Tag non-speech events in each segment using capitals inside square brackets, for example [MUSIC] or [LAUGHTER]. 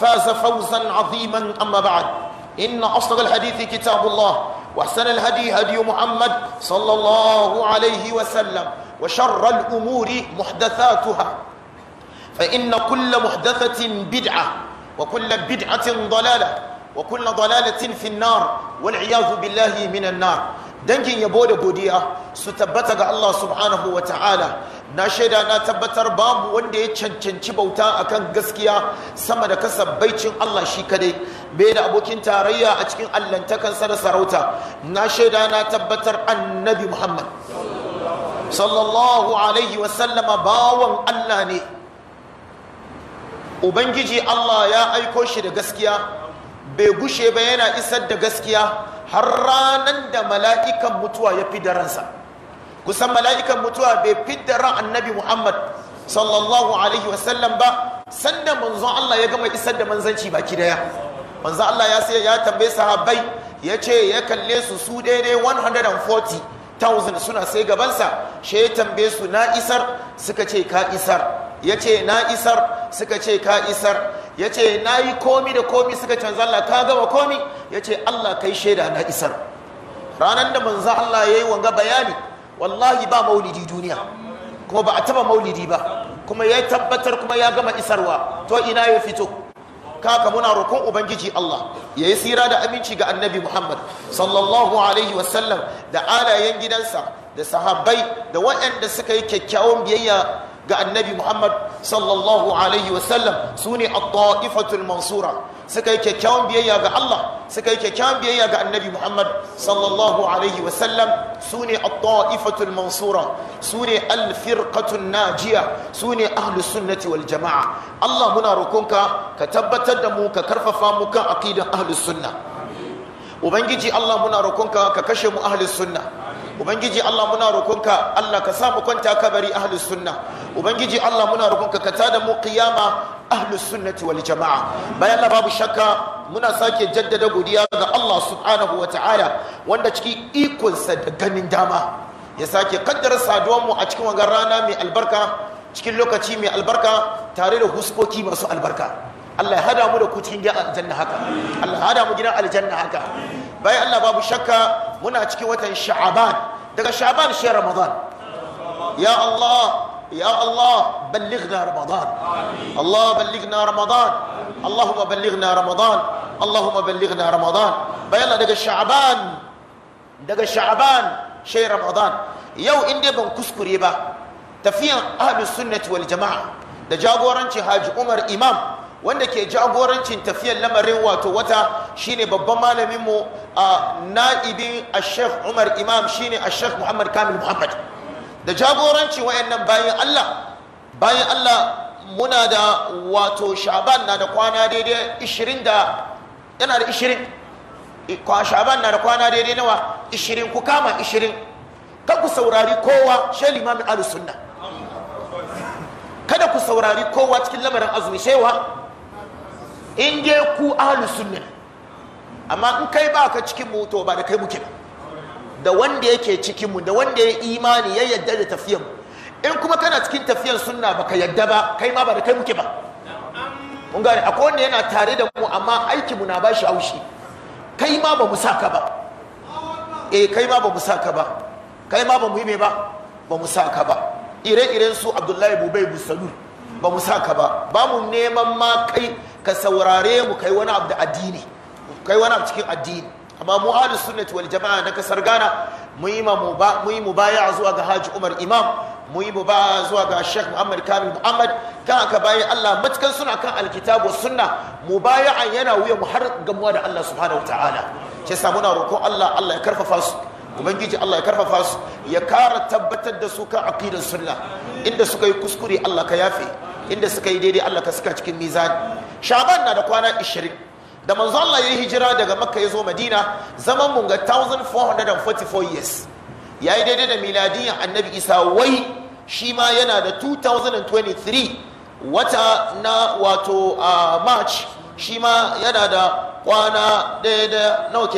فاز فوزا عظيما أما بعد إن أصدق الحديث كتاب الله وأحسن الهدي هدي محمد صلى الله عليه وسلم وشر الأمور محدثاتها فإن كل محدثة بدعة وكل بدعة ضلالة وكل ضلالة في النار والعياذ بالله من النار dangin yabo da godiya su tabbata ga Allah subhanahu wa ta'ala na shaida na tabbatar babu wanda ya cancanci bauta akan gaskiya sama da kasabbaicin Allah shi kadai bai da abokin tarayya a cikin allantakansa da sarauta na shaida na tabbatar annabi Muhammad sallallahu alaihi wa sallama bawan Allah ne ubangiji Allah ya aiko shi da gaskiya bai gushe ba yana isar da gaskiya har ranar da mala'ikan mutuwa ya fi da ransa kusan mala'ikan mutuwa bai fi da ran annabi muhammad sallallahu alaihi wasallam ba sanda manzon allah ya gama isar da manzanci baki daya manzon allah ya sai ya tambaye sahabbai ya ce ya kalle su su daidai 140 thousand suna sai gabansa shi ya tambaye su na isar suka ce ka isar ya ce na isar suka ce ka isar ya ce na yi komi da komi suka canza Allah ka gama komi ya ce Allah kai shaida na isar ranar da manzo Allah ya yi wanga bayani wallahi ba maulidi duniya kuma ba a taba maulidi ba kuma ya tabbatar kuma ya gama isarwa to ina ya fito ta haka muna roƙon ubangiji Allah ya yi tsira da aminci ga annabi Muhammad sallallahu alaihi wasallam da alayen gidansa da sahabbai da waɗanda suka yi kyakkyawan biyayya ga annabi Muhammad sallallahu alaihi wasallam su ne a ta'ifatul mansura suka yi kyakkyawan biyayya ga Allah suka yi kyakkyawan biyayya ga annabi Muhammad sallallahu alaihi wasallam su ne at-ta'ifatul mansura su ne al-firqatun najiya su ne ahlus sunnati wal jama'a Allah muna rokonka ka tabbatar da mu ka karfafa mu kan aqidan ahlus sunna ubangiji Allah muna rokonka ka kashe mu ahlus sunna ubangiji Allah muna rukunka. Allah ka sa mu kwanta kabari ahlus sunna ubangiji Allah muna rukunka ka tada mu qiyama ahlus sunnati wal jama'a bayan la babu shakka muna sake jaddada godiya ga Allah subhanahu wa ta'ala wanda cikin ikonsa da ganin dama ya sake kaddara saduwar mu a cikin wannan rana mai albarka cikin lokaci mai albarka tare da huskoki masu albarka Allah ya hada mu da ku cikin gidan aljanna haka Allah ya hada mu gidan aljanna haka bayan Allah babu shakka muna cikin watan sha'aban daga sha'aban shi ramadan ya Allah ya Allah ballighna ramadan Allah ballighna ramadan Allahumma ballighna ramadan Allahumma ballighna ramadan bayan daga sha'aban daga sha'aban shi ramadan yau in dai ban kuskure ba tafiyan ahlus sunnati wal jama'a da jagoranci Haji Umar Imam wanda ke jagorancin tafiyar lamarin wato wata shine babban malaminmu a na'ibin ashef umar imam shine ashef muhammad kamil muhammad da jagorancin wayannan bayan allah bayan allah muna da wato shaban na da kwana daidai 20 da yana da 20 kwa shaban na da kwana daidai nawa 20 ku kama 20 kan ku saurari kowa shi limamin alusunna kada ku saurari kowa cikin lamarin azumi shewa in je ku ahlus sunna amma in kai ba ka cikin mu to ba da kai muke ba da wanda yake cikin mu da wanda ya imani ya yadda da tafiyan mu in kuma kana cikin tafiyan sunna baka yadda ba kai ma ba da kai muke ba mun gane akwai wanda yana tare da mu amma aiki mu na bashi haushi kai ma ba mu saka ba eh kai ma ba mu saka ba kai ma ba mu yi me ba ba mu saka ba ire-iren su Abdullahi Bubai busalu ba mu saka ba ba mu neman ma kai ka saurare mu kai wani abu da addini kai wani abu cikin addini amma mu ahlus sunnati wal jama'a na kasar Ghana mu yi mu yi zuwa ga Haji Umar Imam mu yi mubaya'a zuwa ga Sheikh Muhammad Kamil Muhammad kan aka bayi Allah matukan suna kan alkitabu sunna mubaya'a yana wuya mu har gamuwa da Allah subhanahu wataala shi yasa muna roƙon Allah Allah ya karfafa su ubangiji Allah ya karfafa su ya kara tabbatar da su kan aqidar sunna inda suka yi kuskure Allah ka yafe inda suka yi daidai Allah ka suka cikin mizani shaban na da kwana 20 da manzo Allah ya hijira daga makka ya zo madina zaman mun ga 1444 years ya yi daidai da miladiyan annabi isa wai shi ma yana da 2023 wata na wato a march shi ma yana da kwana ɗaya da nawa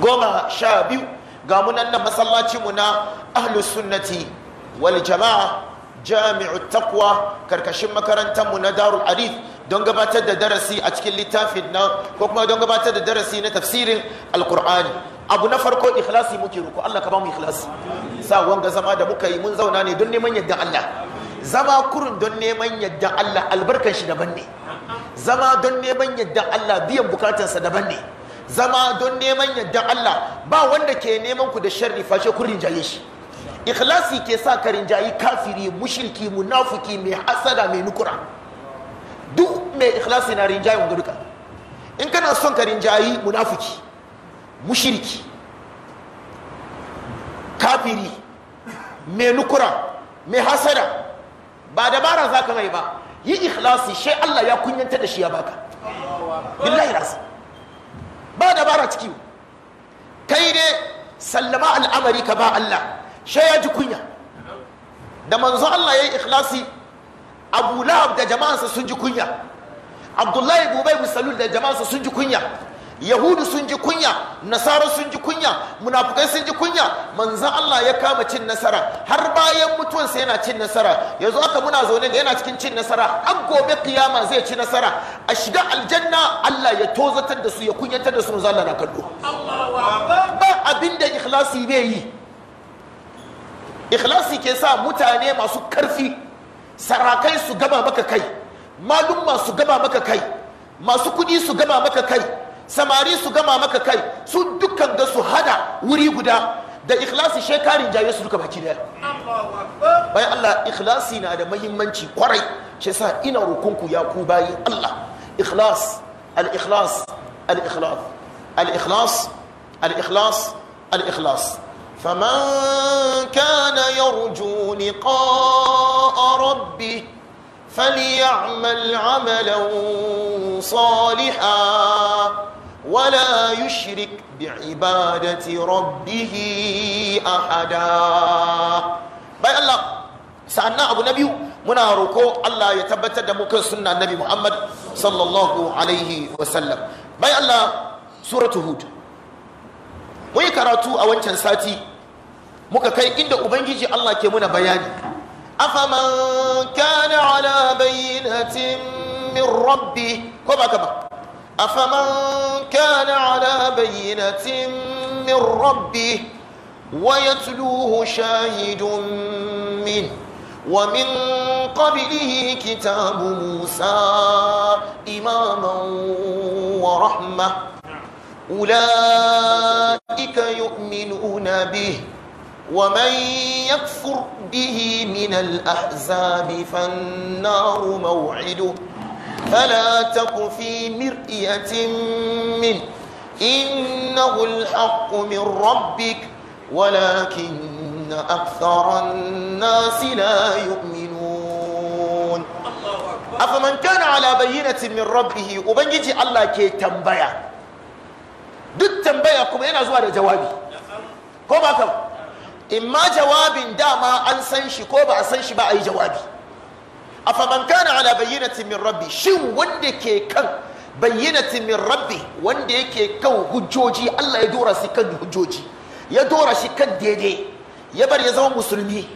goma sha biyu ga munan na masallacinmu na ahlus sunnati wal jama'a jami'u takwa karkashin makarantarmu na darul arif don gabatar da darasi a cikin littafin nan ko kuma don gabatar da darasi na tafsirin alkur'ani abu na farko ikhlasi muke ruku Allah ka ba mu ikhlasi sa wanga zama da muka yi mun zauna ne don neman yadda Allah zama kurun don neman yadda Allah albarkan shi daban ne zama don neman yadda Allah biyan bukatarsa daban ne zama don neman yadda Allah ba wanda ke neman ku da sharri fashe kun rinjaye shi ikhlasi ke sa ka rinjayi kafiri mushriki munafuki mai hasada mai nukura duk mai ikhlasi na rinjayi wanda duka in kana son ka rinjayi munafuki mushriki kafiri mai nukura mai hasada ba dabara za ka mai ba yi ikhlasi shai Allah ya kunyanta da shi ya baka billahi rasu ba dabara ciki kai ne sallama al'amari ka ba Allah she ya ji kunya da manzo Allah ya yi ikhlasi Abu Lahab da jama'ansa sun ji kunya Abdullahi ibn Ubay da jama'ansa sun ji kunya Yahudu sun ji kunya Nasara sun ji kunya munafukai sun ji kunya manzo Allah ya kama cin nasara har bayan mutuwansa yana cin nasara yanzu aka muna zaune da yana cikin cin nasara har gobe kiyama zai ci nasara a shiga aljanna Allah ya tozatar da su ya kunyatar da su manzo Allah na kallo ba abinda ikhlasi bai yi ikhlasi ke sa mutane masu karfi sarakai su gama maka kai malumma su gama maka kai masu kudi su gama maka kai samari su gama maka kai su dukkan da su hada wuri guda da ikhlasi shekarin jaye su duka baki daya bayan Allah ikhlasi na da mahimmanci kwarai shi sa ina rukunku ya ku Allah ikhlas al-ikhlas al-ikhlas al-ikhlas al-ikhlas al-ikhlas al-ikhlas فمن كان يرجو لقاء ربه فليعمل عملا صالحا ولا يشرك بعبادة ربه أحدا باي الله سألنا أبو نبي منا روكو الله يتبت دمك سنة النبي محمد صلى الله عليه وسلم باي الله سورة هود mun yi karatu a wancan sati muka kai inda ubangiji Allah ke muna bayani afaman kana ala bayyinatin min rabbi ko ba kama afaman kana ala bayyinatin min rabbi wa yatluhu shahidun min ومن kitabu Musa, imaman wa ورحمة أولئك يؤمنون به ومن يكفر به من الأحزاب فالنار موعده فلا تك في مرئية منه إنه الحق من ربك ولكن أكثر الناس لا يؤمنون أفمن كان على بينة من ربه أبنجي الله كي تنبيه duk tambaya kuma yana zuwa da jawabi ko ba kam ma jawabin dama an san shi ko ba a san shi ba a yi jawabi a faman kana ala bayyanatin min rabbi shin wanda ke kan bayyanatin min rabbi wanda yake kan hujjoji Allah ya dora shi kan hujjoji ya dora shi kan daidai ya bar ya zama musulmi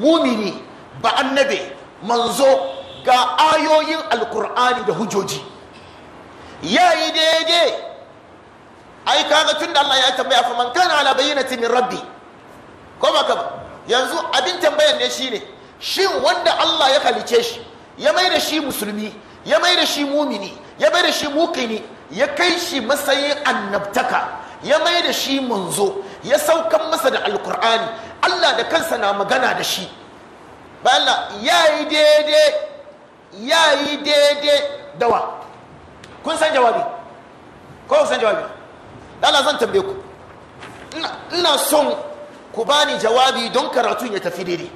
mumini ba annabe manzo ga ayoyin alkur'ani da hujjoji ya yi daidai ai kaga tun da Allah ya tambaya fa man kana ala bayyinati min rabbi ko ba ba yanzu abin tambayar ne shine shin wanda Allah ya halice shi ya mai da shi musulmi ya mai da shi mumini ya mai da shi mukini ya kai shi matsayin annabtaka ya mai da shi munzo ya saukan masa da alkur'ani Allah da kansa na magana da shi Ba ya yi daidai ya yi daidai dawa kun san jawabi ko san jawabi lala zan tambaye ku ina son ku bani jawabi don karatun ya tafi daidai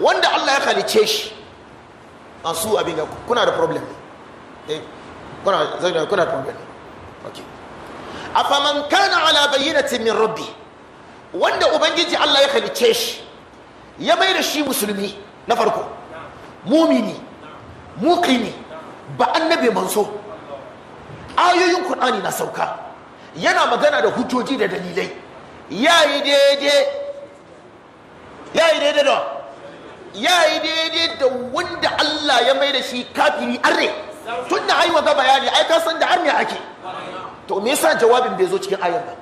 wanda Allah ya halice shi an su abin kuna da problem eh kuna zai kuna da problem okay afaman kana ala bayyinatin min rabbi wanda ubangiji Allah ya halice shi ya mai da shi musulmi na farko mumini muqini ba annabi manso ayoyin qur'ani na sauka yana magana da hujjoji da dalilai ya yi daidai ya yi daidai da ya yi daidai da wanda Allah ya mai da shi kafiri arre tun da ayi maga bayani ai ka san da arme ake to me yasa jawabin bai zo cikin ayar ba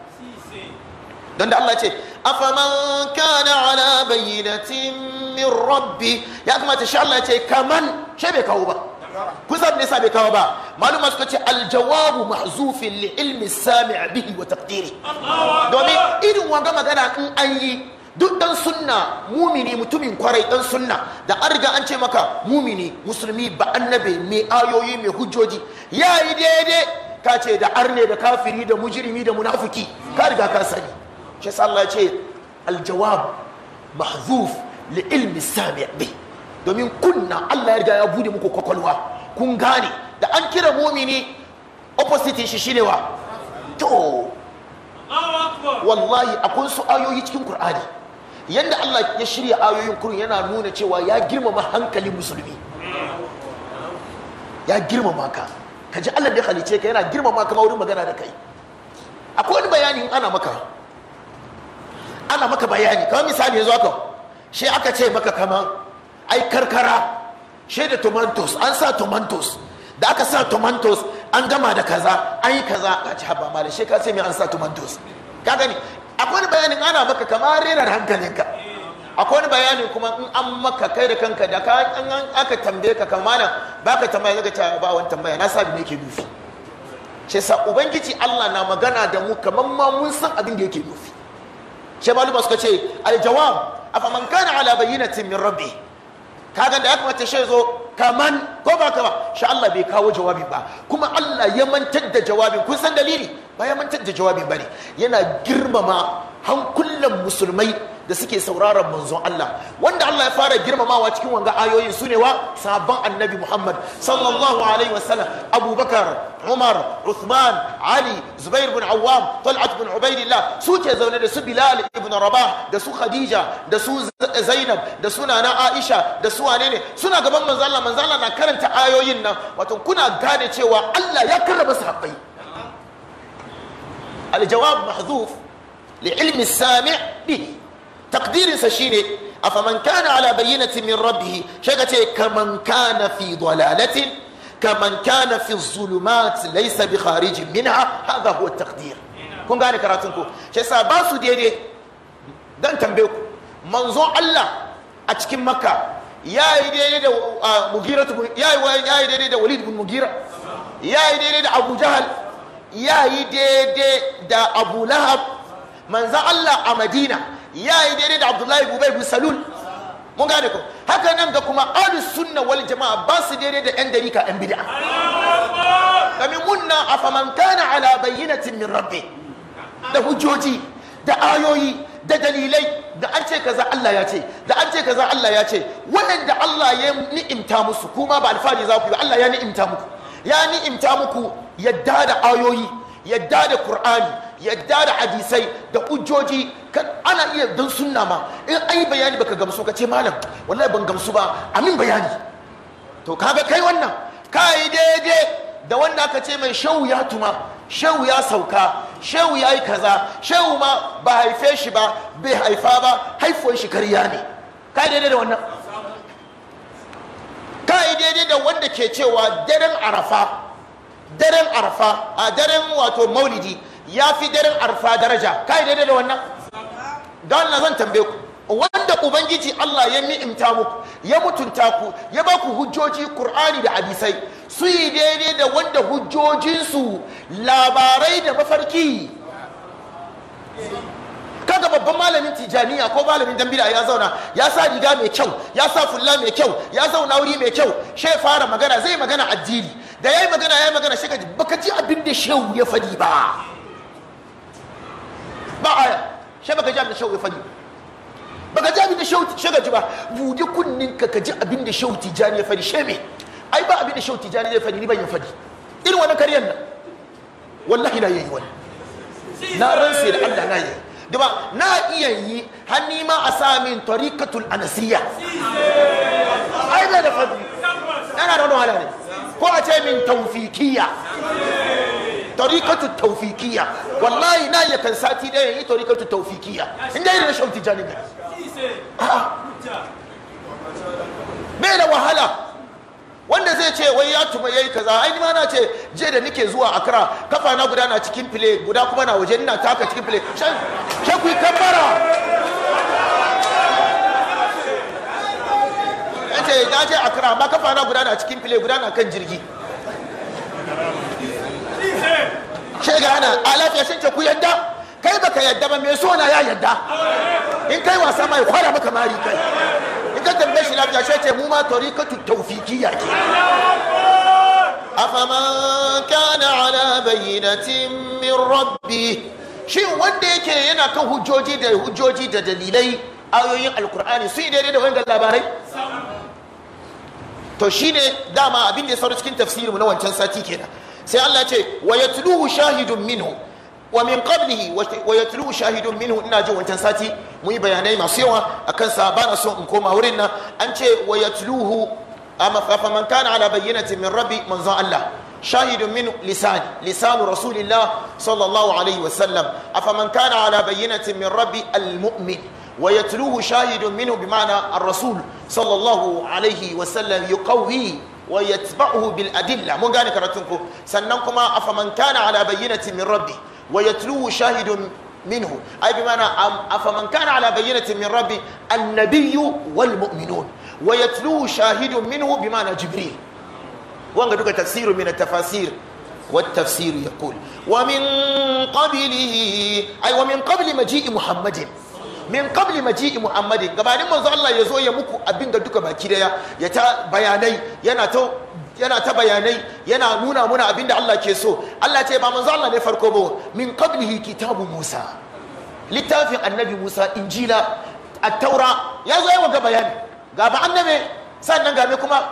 don da Allah ce afaman kana ala bayyinatin min rabbi ya kamata shi Allah ya ce kaman shebe bai kawo ba kusan nisa bai kawo ba maluma suka ce aljawabu mahzufin li ilmi sami bihi wa taqdiri domin irin wanga magana in an yi duk dan sunna mumini mutumin kwarai dan sunna da an riga an ce maka mumini musulmi ba annabi mai ayoyi mai hujjoji yayi daidai ka ce da arne da kafiri da mujirimi da munafiki ka riga ka sani shi Allah ce aljawab mahzuf li ilmi sami bihi domin kunna Allah ya riga ya bude muku kwakwalwa kun gane da an kira mumini opposite shi shine wa to wallahi akwai su ayoyi cikin Kur'ani. Yadda Allah ya shirya ayoyin kurun yana nuna cewa ya girmama hankalin musulmi ya girmama ka ka ji Allah da halice ka yana girmama ka wurin magana da kai akwai wani bayani ana maka ana maka bayani kamar misali yanzu haka shi aka ce maka kamar ai karkara shaida da tomatoes an sa tomatoes da aka sa tomatoes an gama da kaza an yi kaza a ci haba malam shi ka ce me an sa tomatoes ka gani akwai wani bayanin ana maka kamar rinar hankalinka akwai wani bayanin kuma in an maka kai da kanka da an aka tambaye ka kamar ba ka tambaya zaka cewa ba wani tambaya na sabi ne ke nufi ce sa ubangiji Allah na magana da mu kamar ma mun san abin da yake nufi she ba suka ce aljawab afaman kana ala bayyinatin min rabbi kaga da ya kamata shi zo kaman ko ba kama Sha Allah bai kawo jawabin ba kuma Allah ya mantar da jawabin kun san dalili ba ya mantar da jawabin bane yana girmama hankulan musulmai da suke sauraron manzon Allah wanda Allah ya fara girmamawa cikin wanga ayoyin su ne wa sabon annabi Muhammad sallallahu alaihi wasallam Abubakar Umar Uthman Ali Zubair bin Awwam Talhat bin Ubaidillah su ke zaune da su Bilal ibn Rabah da su Khadija da su Zainab da su Nana Aisha da su wane ne suna gaban manzon Allah manzon Allah na karanta ayoyin nan wato kuna gane cewa Allah ya karrama sahabbai la محذوف لعلم السامع به takdirinsa shine afaman kana ala bayyinati min rabbih sai ka ce kaman kana fi dalalatin kaman kana fi zulumat laysa bi kharij minha hadha huwa takdir kun gane karatun ku sai sa ba su daidai dan tambaye ku manzon Allah a cikin makka yayi daidai da mugira yayi yayi daidai da walid bin mugira yayi daidai da abu jahal yayi daidai da abu lahab manzan Allah a Madina ya yi daidai da Abdullahi Bubai bin Salul mun gane ko haka nan ga kuma ahlus sunna wal jama'a ba su daidai da yan dariƙa yan bid'a kamin munna afaman kana ala bayyinatin min rabbi da hujjoji da ayoyi da dalilai da an ce kaza Allah ya ce da an ce kaza Allah ya ce waɗanda Allah ya ni'imta musu kuma ba alfahari za ku yi Allah ya ni'imta muku ya ni'imta muku yadda da ayoyi yadda da Qur'ani yadda da hadisai da kan ana iya don sunna ma in an yi bayani baka gamsu ka ce malam wallahi ban gamsu ba amin bayani to kaga kai wannan ka yi daidai da wanda aka ce mai shehu ya tuma shehu ya sauka shehu ya yi kaza shehu ma ba haife shi ba bai haifa ba haifuwan shi karya ne ka yi daidai da wannan ka yi daidai da wanda ke cewa daren arafa daren arafa a daren wato maulidi ya fi daren arfa daraja kai daidai da wannan don na zan tambaye ku wanda ubangiji Allah ya ni'imta muku ya mutunta ku ya ba ku hujjoji Kur'ani da hadisai su yi daidai da wanda hujjojinsu labarai da mafarki kaga babban malamin tijaniya ko malamin dambila ya zauna ya sa riga mai kyau ya sa fulla mai kyau ya zauna wuri mai kyau shai fara magana zai magana addini da ya yi magana ya yi magana shi ka ji baka ji abin da shehu ya fadi ba ba aya shi baka ji abin da shauki fadi baka ji abin da shauki ba bude ka ji abin da shauki jani ya ai ba abin da shauki jani zai fadi ni ban ya fadi irin wani karyar nan wallahi na yayi wani na ransa da Allah na yayi ba na iya yi hannu ma a samin tarikatul anasiya ai da yana da wani wahala ne ko a ce min taufikiya tarikatu tawfikiya wallahi na ya kan sati da yayi tarikatu tawfikiya in dai rashin tijani ne bai da wahala wanda zai ce wai ya tuma yayi kaza ai ma na ce je da nike zuwa akra kafa na guda na cikin file guda kuma na waje ina taka cikin file she ku kabbara yace na je akra ba kafa na guda na cikin file guda na kan jirgi shega ana alaf ya shinke ku yadda kai baka yadda ba mai na ya yadda in kai wasa mai kwara maka mari kai in ka tambaye shi lafiya shi ce mu ma ka tariqatu ya ke afaman kana ala bayyinatin min rabbi shin wanda yake yana kan hujjoji da hujjoji da dalilai ayoyin alkur'ani sun yi daidai da wanda labarai to shine dama abin da ya sauri cikin tafsirinmu na wancan sati kenan sai Allah ce wa yatluhu shahidun minhu wa min qablihi wa shahidun minhu ina ji wancan sati mu yi bayanai masu yawa akan sa ba na so in koma wurin nan an ce wa yatluhu amma fa man kana ala bayyinatin min rabbi manzo Allah شاهد منه لساني لسان رسول الله صلى الله عليه وسلم أفمن كان على بينة من ربي المؤمن ويتلوه شاهد منه بمعنى الرسول صلى الله عليه وسلم يقوي ويتبعه بالأدلة مو غاني كراتونكو سننكما أفمن كان على بينة من ربي ويتلوه شاهد منه أي بمعنى أفمن كان على بينة من ربي النبي والمؤمنون ويتلوه شاهد منه بمعنى جبريل wanga duka tafsiru min tafasir wa tafsiru ya قبله Wa min قبل مجيء wa min qabli maji'i muhammadin gabanin manzo Allah ya zo ya muku abin da duka baki daya ya ta bayanai yana ta yana ta bayanai yana nuna muna abin da Allah ke so Allah ce ba manzo Allah ne farko ba min qablihi kitabu Musa littafin annabi Musa injila at-taura ya zo ya ga bayani ga ba annabi sannan ga kuma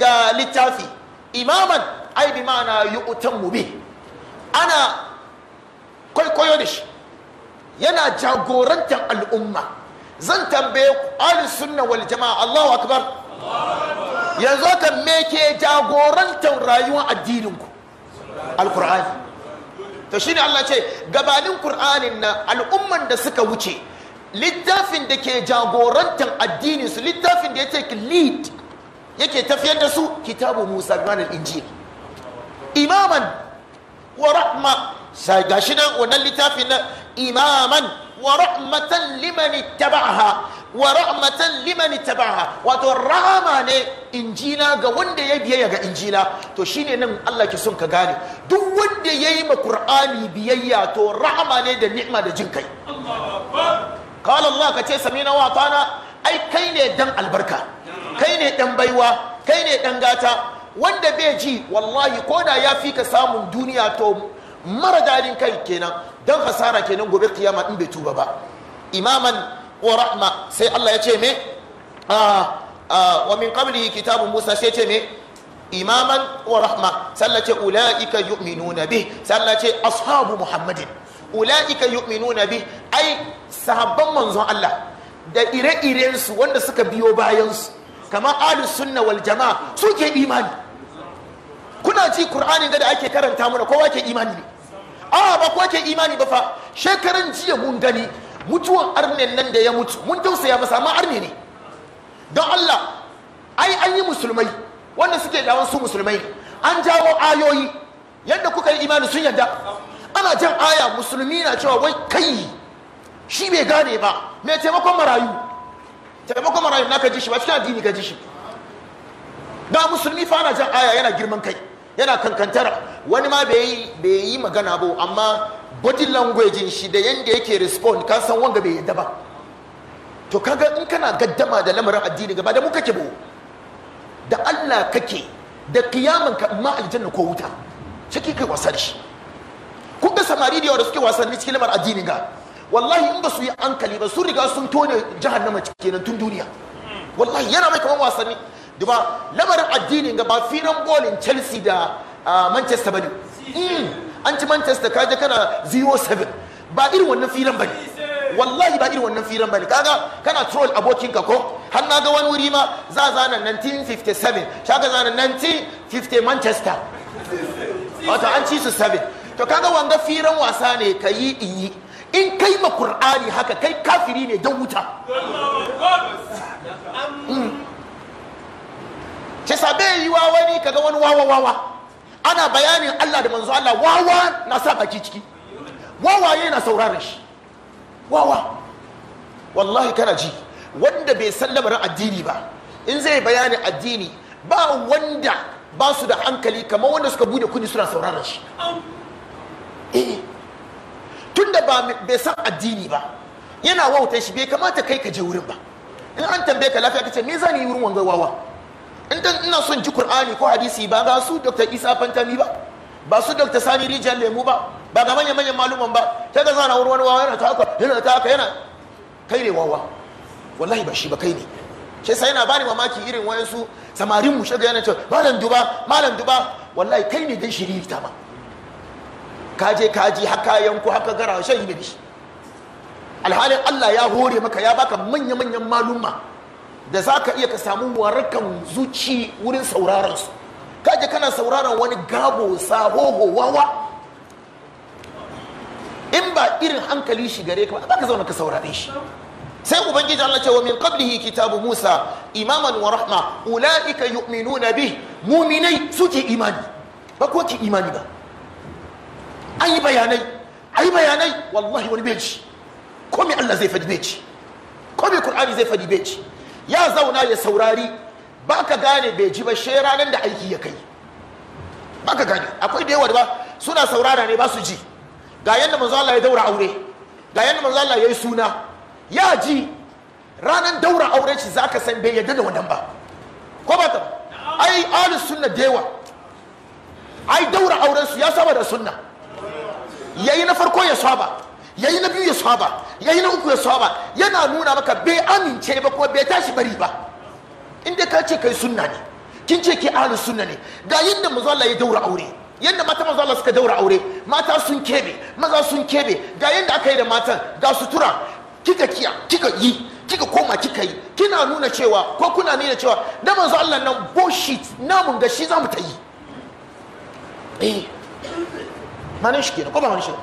ga littafi imaman ai bi ma'ana yu'tan mube ana kwaikwayo da shi yana jagorantar al'umma zan tambaye alin sunna wal jama'a Allahu akbar yanzu kan me ke jagorantar rayuwar addinin ku Ta shi ne Allah ce gabanin qur'anin na al'umman da suka wuce littafin da ke jagorantar addininsu, littafin da ce lead yake tafiyar da su kitabu Musa al injil imaman wa rahma sai gashi nan wannan littafin na imaman wa rahmatan liman ittaba'aha wa rahmatan liman ittaba'aha wato rahama ne injila ga wanda ya biyayya ga injila to shine nan Allah ke son ka gane duk wanda yayi ma Qur'ani biyayya to rahama ne da ni'ima da jin kai Allahu akbar qala Allah ka ce samina wa ta'ana ai kai ne dan albarka kai ne dan baiwa kai ne dan gata wanda bai ji wallahi ko da ya fi ka samun duniya to mara dadin kai kenan dan hasara kenan gobe kiyama in bai tuba ba imaman wa rahma sai Allah ya ce me ah, ah, wa min qablihi kitabun Musa sai ce me imaman wa rahma sallace ulaika yu'minuna bih sallace ashabu muhammadin ulaika yu'minuna bih ai sahabban manzon Allah da ire-irensu wanda suka biyo bayansu kamar ahlus sunna wal jama'a suke imani kuna ji qur'anin ga da ake karanta mana kowa ke imani ne a ba kowa ke imani ba fa shekaran jiya mun gani mutuwan arnen nan da ya mutu mun tausaya masa amma arne ne don Allah ai an yi musulmai wanda suke dawon su musulmai an jawo ayoyi yadda kuka yi imani sun yadda ana jan aya musulmi na cewa wai kai shi bai gane ba mai taimakon marayu taimakon marayu na ka ji shi ba cikin addini ka ji shi musulmi fa ana jan aya yana girman kai yana kankantara wani ma bai yi magana ba amma body language shi da yanda yake respond ka san wanga bai yadda ba to kaga in kana gaddama da lamarin addini gaba da mu kake bo da Allah kake da kiyaman ka ma aljanna ko wuta ciki kai wasa shi kun ga samari da yawa da suke wasanni cikin lamarin addini ga wallahi in ba su yi hankali ba sun riga sun tone jahannama kenan tun duniya wallahi yana mai kamar wasanni duba lamarin addini ga ba finan bolin chelsea da ah, manchester bane hmm, an ci manchester ka kaje kana 0-7 ba irin wannan filan bane wallahi ba irin wannan filan bane kaga kana troll abokinka ko har na ga wani wuri ma za a zana 1957 shaka zana 1950 manchester wato an ci su 7 to kaga wanga firan wasa ne ka yi in yi in kai ma qur'ani haka kai kafiri ne dan wuta ce mm. sabe yi wa wani kaga wani wawa wawa ana bayanin Allah da manzo Allah wawa na sa baki ciki wawaye na sauraron shi wawa wallahi kana ji wanda bai san lamarin addini ba in zai bayani addini ba wanda ba su da hankali kamar wanda suka bude kudi suna sauraron shi eh tunda ba bai san addini ba yana wautan shi bai kamata kai ka je wurin ba in an tambaye ka lafiya kace me zan yi wurin wangai wawa in dan ina son ji qur'ani ko hadisi ba ga su dr isa fantami ba ba su dr sani rijal lemu ba ba ga manyan manyan maluman ba ta ga zana wurin wani wawa yana ta haka yana ta haka yana kai ne wawa wallahi ba shi ba kai ne shi sai yana bani mamaki irin wayansu samarin mu shiga yana ce malam duba malam duba wallahi kai ne dan shiriri ta ba kaje kaji haka yanku haka gara shan da shi alhalin Allah ya hore maka ya baka manya-manyan maluma da za ka iya ka samu warakan zuci wurin sauraron su kaje kana sauraron wani gabo sahoho wawa in ba irin hankali shi gare ka ba ka zauna ka saurare shi sai ubangiji Allah ce wa min qablihi kitabu Musa imaman wa rahma ulaika yu'minuna bi mu'minai suke imani ba ko ki imani ba an yi bayanai a yi bayanai wallahi wani beji komi Allah zai fadi beji komi Kur'ani zai fadi beji ya zauna ya saurari ba ka gane beji ba shi ranar da aiki ya kai ba ka gane akwai da yawa da ba suna saurara ne ba su ji ga yadda manzo Allah ya daura aure ga yadda manzo Allah ya yi suna ya ji ranar daura aure shi ka san bai yadda da wannan ba ko ba ta ai ahlus sunna da yawa ai daura auren su ya saba da sunna yayi na farko ya saba yayi na biyu ya saba yayi na uku ya saba yana nuna maka bai amince ba kuma bai tashi bari ba inda ka ce kai sunna ne kin ce ke ahlus sunna ne ga yadda manzo Allah ya daura aure yadda mata manzo Allah suka daura aure mata sun kebe maza sun kebe ga yadda aka yi da matan ga sutura kika kiya kika yi kika koma kika yi kina nuna cewa ko kuna nuna cewa da manzo Allah nan bullshit namun ga shi zamu ta yi eh manish shi kenan ko ba manish shi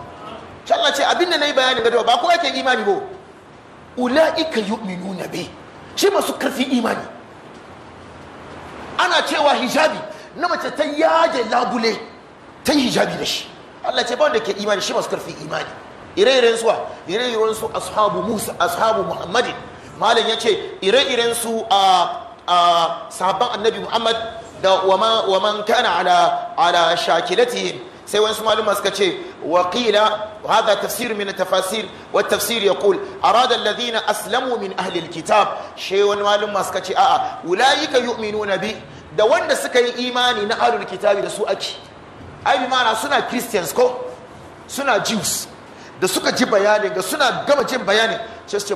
shi Allah ce abinda nayi bayanin gado ba kowa ke imani ba ulaika yu'minuna bi shi masu karfi imani ana cewa hijabi na mace ta yaje labule ta hijabi da shi Allah ce ba wanda ke imani shi masu karfi imani ire-iren su ire-iren su ashabu Musa ashabu Muhammadin malam yace ire-iren su a a sahabban annabi Muhammad da man kana ala ala shakilatihim sai wasu maluma suka ce wa hada hadha tafsir min tafasir wa tafsir yaqul arada alladhina aslamu min ahlil kitab shi wani maluma suka ce a'a ulaika yu'minuna bi da wanda suka yi imani na ahlul kitabi da su aki ai bi mana suna christians ko suna jews da suka ji bayanin ga suna gama jin bayanin sai su ce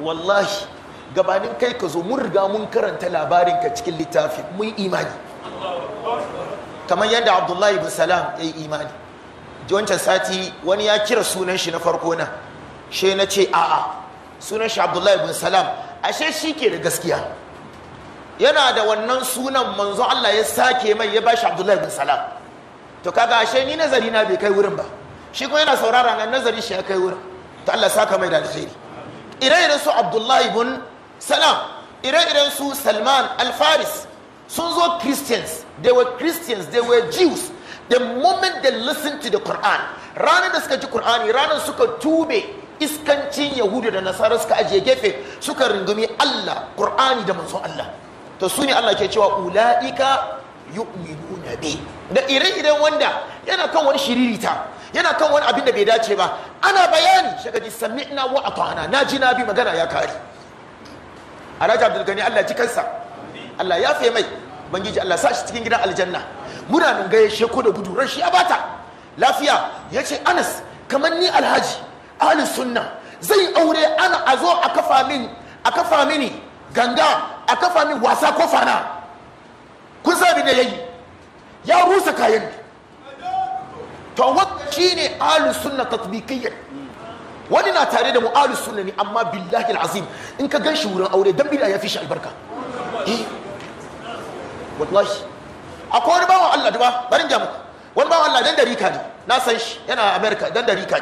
wallahi gabanin kai ka zo mun riga mun karanta labarin ka cikin littafi mun imani kamar yadda abdullahi bin salam ya yi imani wancan sati wani ya kira sunan shi na farko na shi na ce a'a sunan shi abdullahi bin salam ashe shi ke da gaskiya yana da wannan sunan manzo Allah ya sake mai ya bashi abdullahi bin salam to kaga ashe ni nazari na bai kai wurin ba shi kuma yana saurara nan nazari shi ya kai wurin to Allah saka mai da alheri ire-iren su abdullahi bin salam ire-iren su salman al-faris sun zo christians they were christians they were jews the moment they listened to the quran ranar da suka ji qur'ani ranar suka tube iskancin yahudu da nasara suka ajiye gefe suka rungumi allah qur'ani da manzon allah to su ne allah ke cewa ula'ika yu'minuna bi da ire-iren wanda yana kan wani shiririta yana kan wani abin da bai dace ba ana bayani shagaji sami'na wa ata'ana na ji na bi magana ya kare alhaji abdulgani allah ji kansa allah ya fi mai ubangiji Allah sa shi cikin gidan aljanna muna nan ga yashe ko da gudu ran shi a bata lafiya ce Anas kamar ni alhaji ahlus sunna zai aure ana a zo a kafa min a kafa mini ganga a kafa min wasa ko fana kun sa da yayi ya rusa kayan to wannan shine ahlus sunna wani na tare da mu ahlus sunna ne amma billahi alazim in ka gan shi wurin aure dan bid'a ya fi shi albarka eh wallahi akwai wani bawan Allah duba barin ja wani bawan Allah dan dari ne na san shi yana America dan dari ne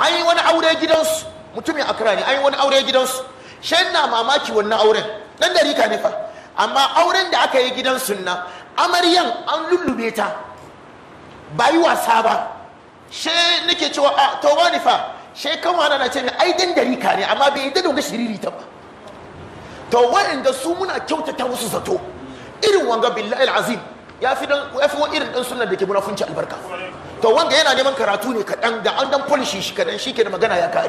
an yi wani aure gidansu mutumin Accra ne an yi wani aure gidansu shan na mamaki wannan auren dan dari ne fa amma auren da aka yi gidansu na amaryan an lullube ta ba yi wasa ba she nake cewa a to wani fa she kan na ce ai dan dari ne amma bai yi da shiriri ta ba to waɗanda su muna kyautata musu zato irin wanga billahi alazim ya fi dan ya fi wani irin dan sunan da ke munafunci albarka to wanda yana neman karatu ne kaɗan da an dan polishi shi kaɗan shi ke da magana ya kare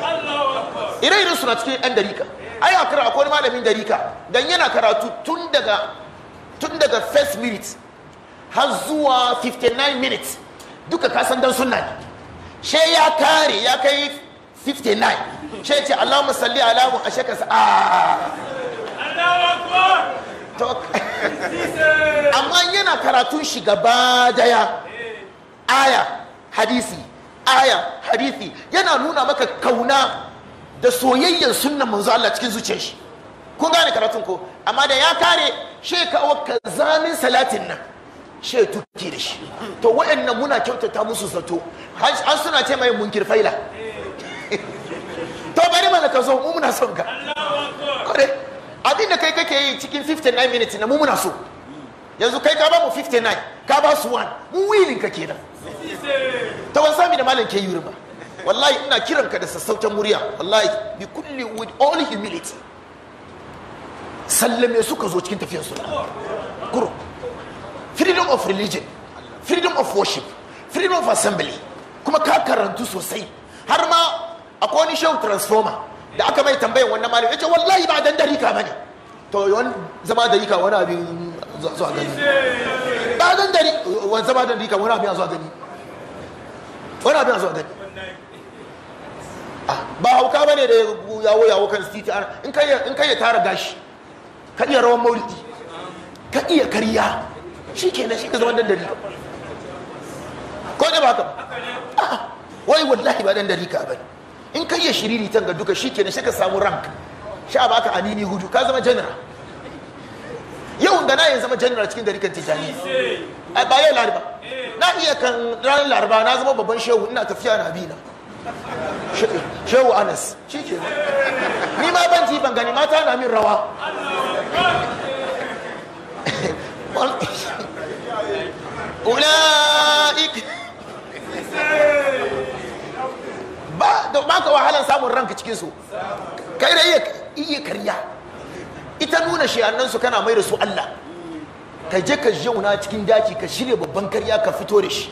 ire irin suna cikin yan darika ai a kira akwai malamin darika dan yana karatu tun daga tun daga first minute har zuwa 59 minutes duka san dan sunna ne she ya kare ya kai 59 she ce Allahumma salli ala mu ashaka a amma yana karatun shi gaba daya aya hadisi aya hadisi yana nuna maka kauna da soyayyar sunnan manzo Allah cikin zuciyar shi kun gane karatun ko amma da ya kare she kawo zamin salatin nan she tuki da shi to wa'annan muna kyautata musu zato har suna ce mai munkir faila [LAUGHS] to bari malaka zo mu muna son ka Allahu akbar abin da kai kake yi cikin 59 minutes na mu muna so yanzu kai ka ba mu 59 ka ba su 1 mu wilin ka kenan ta wani sami da malam ke yuri ba wallahi ina kiran ka da sassautan murya wallahi bi kulli with all humility sallame su ka zo cikin tafiyar su kuro freedom of religion freedom of worship freedom of assembly kuma ka karantu sosai har ma akwai wani show transformer da aka mai tambayin wannan ya ce wallahi ba dan ba bane to yawan zama darika wani abin zuwa gani ba dan dari wani zama darika wani abin zuwa gani wani abin zuwa gani ah, ba hauka bane da yawo yawo kan titi in kai in kai tara gashi ka iya rawan maulidi ka iya kariya na shi ka zama dan darika ko ne ba ka wai wallahi ba dan ba bane in ka iya shiriri tan ga duka shikenan sai ka samu rank sha baka anini hudu ka zama general yau da na yin zama general cikin kan tijani a baya laraba na iya kan ranar laraba na zama babban shehu ina tafiya na bina shehu anas shi ke ni ma ban ji ban gani mata na min rawa [LAUGHS] [LAUGHS] ula'ik ba da ba ka wahalan samun ranka cikin su kai da iya karya ita nuna annan su kana mai da su Allah ka je ka jauna cikin daji ka shirya babban karya ka fito da shi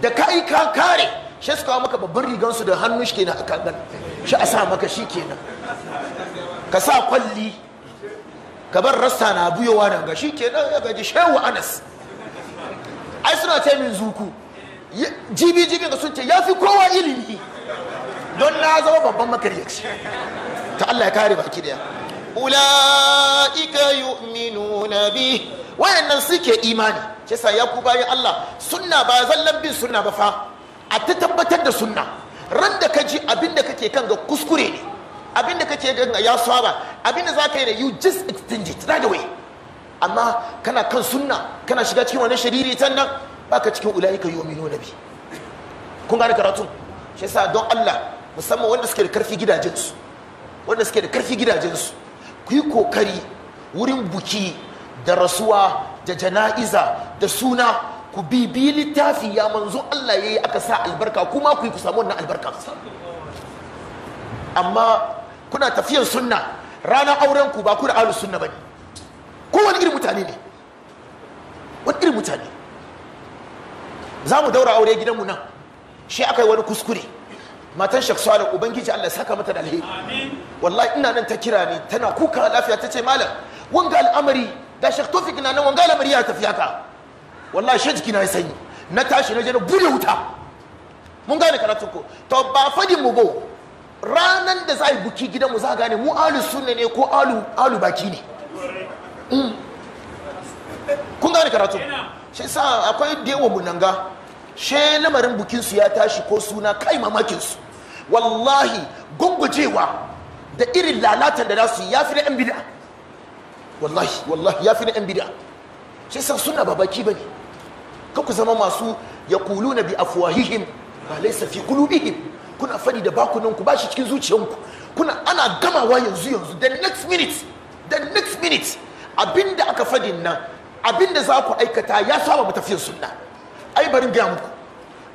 da ka yi ka kare shi suka maka babban rigan su da hannun shi kenan a gan shi a sa maka shi kenan ka sa kwalli ka bar rasta na buyowa daga shi kenan ya gaji shehu anas ai suna taimin min zuku jibi jibin ga sun ce ya fi kowa ilimi don na zama babban makaryaci ta Allah ya kare baki daya ula'ika yu'minuna bi wayannan suke imani ce sa ya ku bayan Allah sunna ba zallan bin sunna ba fa a ta tabbatar da sunna ran da ka ji abin da kake kan ga kuskure ne abin da kake kan ya saba abin da zaka yi da you just extend it right away amma kana kan sunna kana shiga cikin wani shariri tannan nan baka cikin ulaika na bi kun gane karatu shi yasa don Allah musamman wanda suke da karfi gidajensu wanda suke da karfi gidajensu ku yi kokari wurin buki da rasuwa da jana'iza da suna ku bibi littafi ya manzo Allah yayi aka sa albarka kuma ku yi ku samu wannan albarka amma kuna tafiyan sunna ranar auren ku ba ku da ahlus sunna bane ko wani irin mutane ne wani irin mutane za mu daura aure gidanmu nan shi aka yi wani kuskure matan shek ubangiji allah saka mata da alheri wallahi ina nan ta kira ne tana kuka lafiya ta ce malam wanga al'amari da shaktofik na nan wanga al'amari ya tafi haka wallahi shi jiki na sanyi na tashi na jana na bude wuta mun gane karatun ko to ba fadin mu bo ranan da za a yi buki gidanmu za a gane mu alu sunna ne ko alu baki ne mm. kun gane karatu shi sa akwai dewa munanga she lamarin su ya tashi ko suna kai su. wallahi gungujewa da irin lalatan da nasu ya fi na yan bida wallahi wallahi ya fi na yan bida shi sa suna ba bane ka ku zama masu na bi afwahihim Ba laysa fi kulubihim kuna fadi da bakunan ku bashi cikin zuciyanku kuna ana gamawa yanzu yanzu the next minute the next minute abinda aka fadin nan Abin da za ku aikata ya saba mu tafiyar sunna ai bari ga muku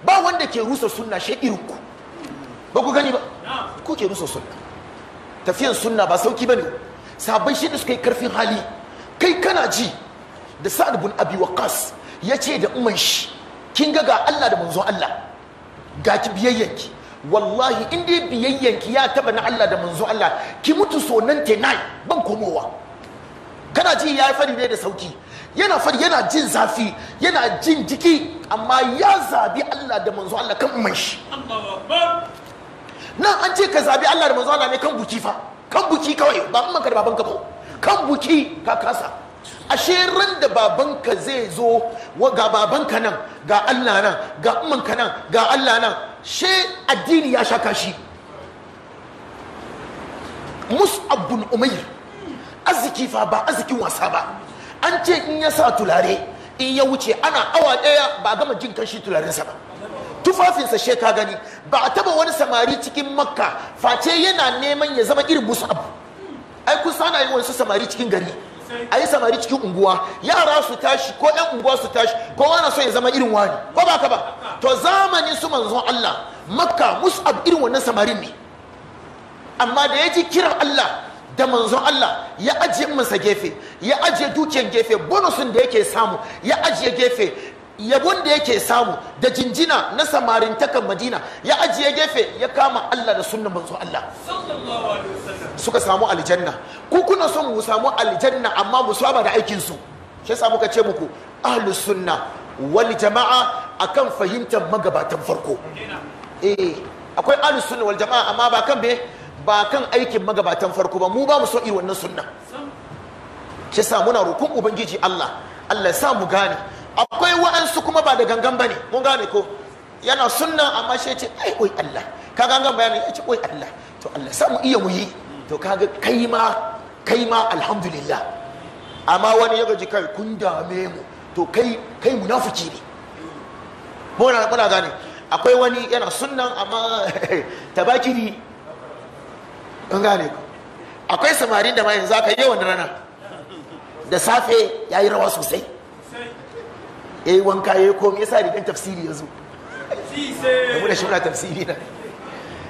ba wanda ke rusa sunna shi irin ku ba ku gani ba ku ke rusa sunna Tafiyar sunna ba sauki bane sabai shi da suka yi karfin hali kai kana ji da sa'ad bin abi waqas yace da umman shi kin ga ga Allah da manzon Allah ga ki ki wallahi in dai biyayyanki ya taba na Allah da manzon Allah ki mutu sonan nan te nai ban komowa kana ji yayi fari ne da sauki yana fari yana jin zafi yana jin jiki amma ya zabi Allah da manzo Allah kan umman shi nan an ce ka zabi Allah da manzo Allah ne kan buki fa kan buki kawai ba umman ka da babanka ba kan buki ka kasa ashe ran da babanka zai zo ga babanka nan ga Allah nan ga ummanka nan ga Allah nan she addini ya shaka shi mus'ab bin umayr arziki fa ba arzikin wasa ba an ce in ya sa tulare in ya wuce ana awa ɗaya ba gama jin kanshi tularensa ba tufafinsa she ka gani ba a taba wani samari cikin makka face yana neman ya zama irin musu abu. ai kun sana yi wasu samari cikin gari a yi samari cikin unguwa yara su tashi ko yan unguwa su tashi ko wani so ya zama irin wani ko ba ka ba to zamanin su manzon Allah makka musu abu irin wannan samarin ne amma da ya ji kiran Allah da manzon Allah ya ajiye masa gefe ya ajiye dukiyar gefe bonusin da yake samu ya ajiye gefe yabon da yake samu da jinjina na samarin takan madina ya ajiye gefe ya kama Allah da sunnan manzon Allah suka samu aljanna ku kuna son mu samu aljanna amma mu saba da aikin su shi yasa muka ce muku ahlus sunna wal jama'a akan fahimtar magabatan farko eh akwai ahlus sunna wal jama'a amma ba kan be ba kan aikin magabatan farko ba mu ba mu so irin wannan sunna shi sa muna rukun ubangiji Allah Allah ya sa mu gane akwai wa'ansu kuma ba da gangan bane mun gane ko yana sunna amma shi ce ai oi Allah ka gangan bayani ya ce oi Allah to Allah ya sa mu iya mu yi to kaga kai ma kai ma alhamdulillah amma wani ya gaji kai kun dame mu to kai kai munafiki ne muna muna gane akwai wani yana sunnan amma [LAUGHS] tabakiri an gane ku akwai samarin da mayan za ka yi yawan rana da safe ya yi rawa sosai ya yi wanka ya yi komi ya sa rigan tafsiri ya zo da muna shi muna tafsiri na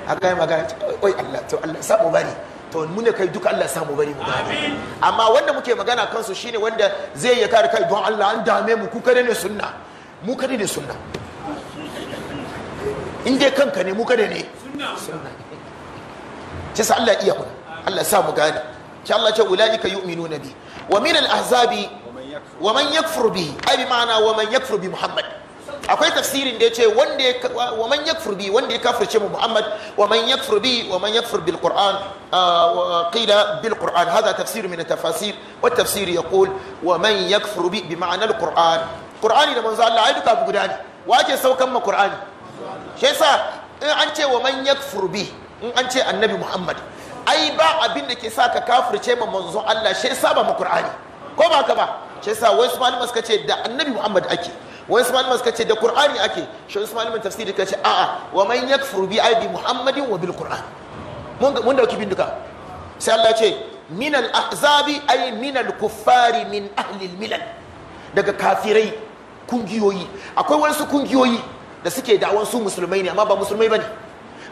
a yi magana oi Allah to Allah samu bari to mu ne kai duka Allah samu bari mu gane amma wanda muke magana kansu shine wanda zai ya kare kai don Allah an dame mu ku kare ne sunna mu kare ne sunna in dai kanka ne mu kare ne sunna ce sa Allah iya kuna Allah sa mu gane ce Allah ce ulaika yu'minuna bi wa min al-ahzabi wa man yakfur bi ai bi ma'ana wa man yakfur bi Muhammad akwai tafsirin da yace wanda wa man yakfur bi wanda ya kafirce mu Muhammad wa man yakfur bi wa man yakfur bil Qur'an qila bil Qur'an hada tafsir min tafasir wa tafsir yaqul wa man yakfur bi bi ma'ana al-Qur'an Qur'ani da manzo Allah ai duka guda ne wa ake saukan ma Qur'ani shi yasa in an ce wa man yakfur bi in an ce annabi muhammad ai ba abin da ke sa ka kafirce ma manzon Allah shi yasa ba qur'ani ko ba ka ba shi yasa wai su malama suka ce da annabi muhammad ake wai su malama suka ce da qur'ani ake shi su malamin tafsiri ka ce a'a wa man yakfur bi aibi muhammadin wa bil qur'an mun mun dauki binduka sai Allah ce min al ahzabi ay min al kuffari min ahli al milal daga kafirai kungiyoyi akwai wasu kungiyoyi da suke da su musulmai ne amma ba musulmai bane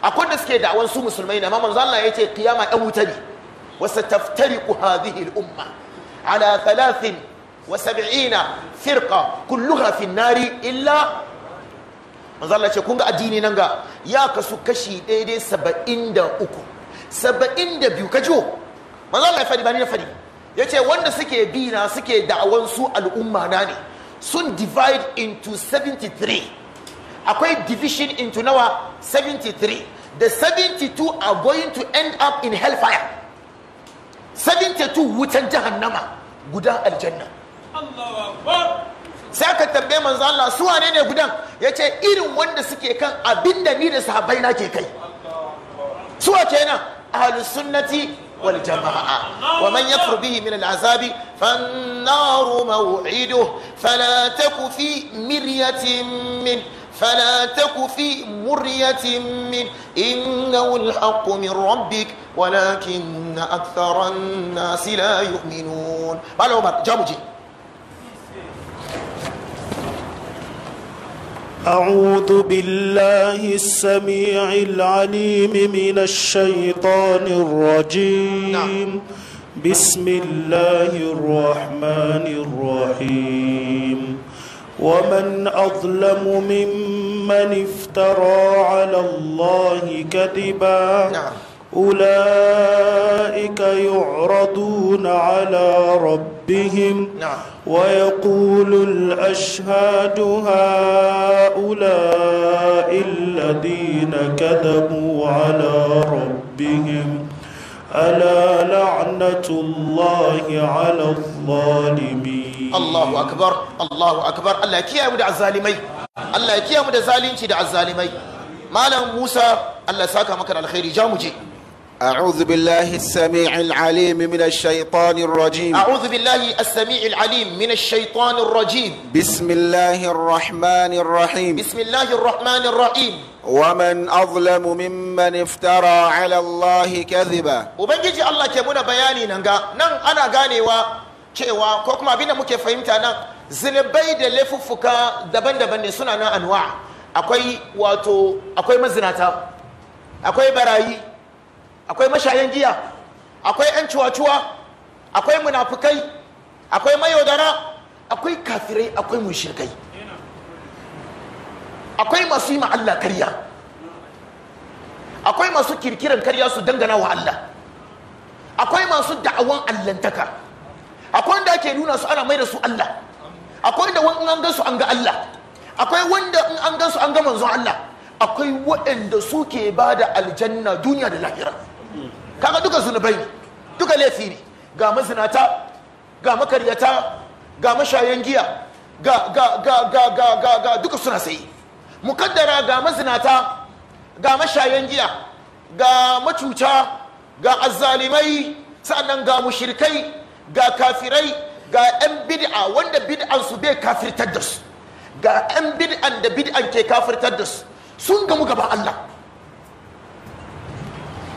akwai da suke da'awar su musulmai ne amma manzo Allah ya ce kiyama ɗan wuta ne wa sataftariqu hadhihi al-umma ala 73 firqa kulluha fi nari illa manzo Allah ya ce kun ga addini nan ga ya kasu kashi daidai biyu ka kajo manzo Allah ya fadi ba ni na fadi yace wanda suke bi na suke da'awar su al'umma na ne sun divide into 73 akwai division into nawa 73 the 72 are going to end up in hellfire 72 wutan jahannama guda aljanna sai aka tambaye manzo Allah su wane ne gudan ce irin wanda suke kan abinda ni da sahabai na ke kai su wace nan ahlu sunnati wal jamaa wa man yakfur bihi min al azabi fan naru maw'iduhu fala taku fi miryatin min فلا تك في مرية من إنه الحق من ربك ولكن أكثر الناس لا يؤمنون قال عمر جابجي أعوذ بالله السميع العليم من الشيطان الرجيم نعم. بسم الله الرحمن الرحيم ومن أظلم ممن افترى على الله كذبا نعم. أولئك يعرضون على ربهم نعم. ويقول الأشهاد هؤلاء الذين كذبوا على ربهم ألا لعنة الله على الظالمين Allahu akbar Allahu akbar Allah ya kiyaye mu da azzalimai Allah ya kiyaye mu da zalunci da azzalimai malam Musa Allah saka maka da alkhairi ja mu je أعوذ بالله السميع العليم من الشيطان الرجيم أعوذ بالله السميع العليم من الشيطان الرجيم بسم الله الرحمن الرحيم بسم الله الرحمن الرحيم ومن أظلم ممن افترى على الله كذبا وبنجي الله كمنا بياني ننغا نن أنا غاني cewa ko kuma abin da muke fahimta nan zinubai da laifuffuka daban-daban ne suna nan anwa akwai wato akwai mazinata akwai barayi akwai mashayan giya akwai 'yan cuwa-cuwa akwai munafukai akwai mayaudara akwai kafirai akwai mushirkai akwai masu yi Allah karya akwai masu kirkiran karya su dangana wa Allah akwai masu da'awan allantaka akwai wanda ake nuna su ana mai da su Allah akwai wanda in an gansu an ga Allah akwai wanda in an gansu an ga manzon Allah akwai waɗanda suke ba da aljanna duniya da lahira kaga duka zunubai ne duka laifi ne ga mazinata ga makaryata ga mashayan giya ga ga ga ga ga duka suna sayi mukaddara ga mazinata ga mashayan giya ga macuta ga azzalimai sa'annan ga mushrikai ga kafirai ga 'yan bid'a wanda bid'an su bai kafirtar da su ga 'yan bid'an da bid'an ke kafirtar da su sun gamu gaban Allah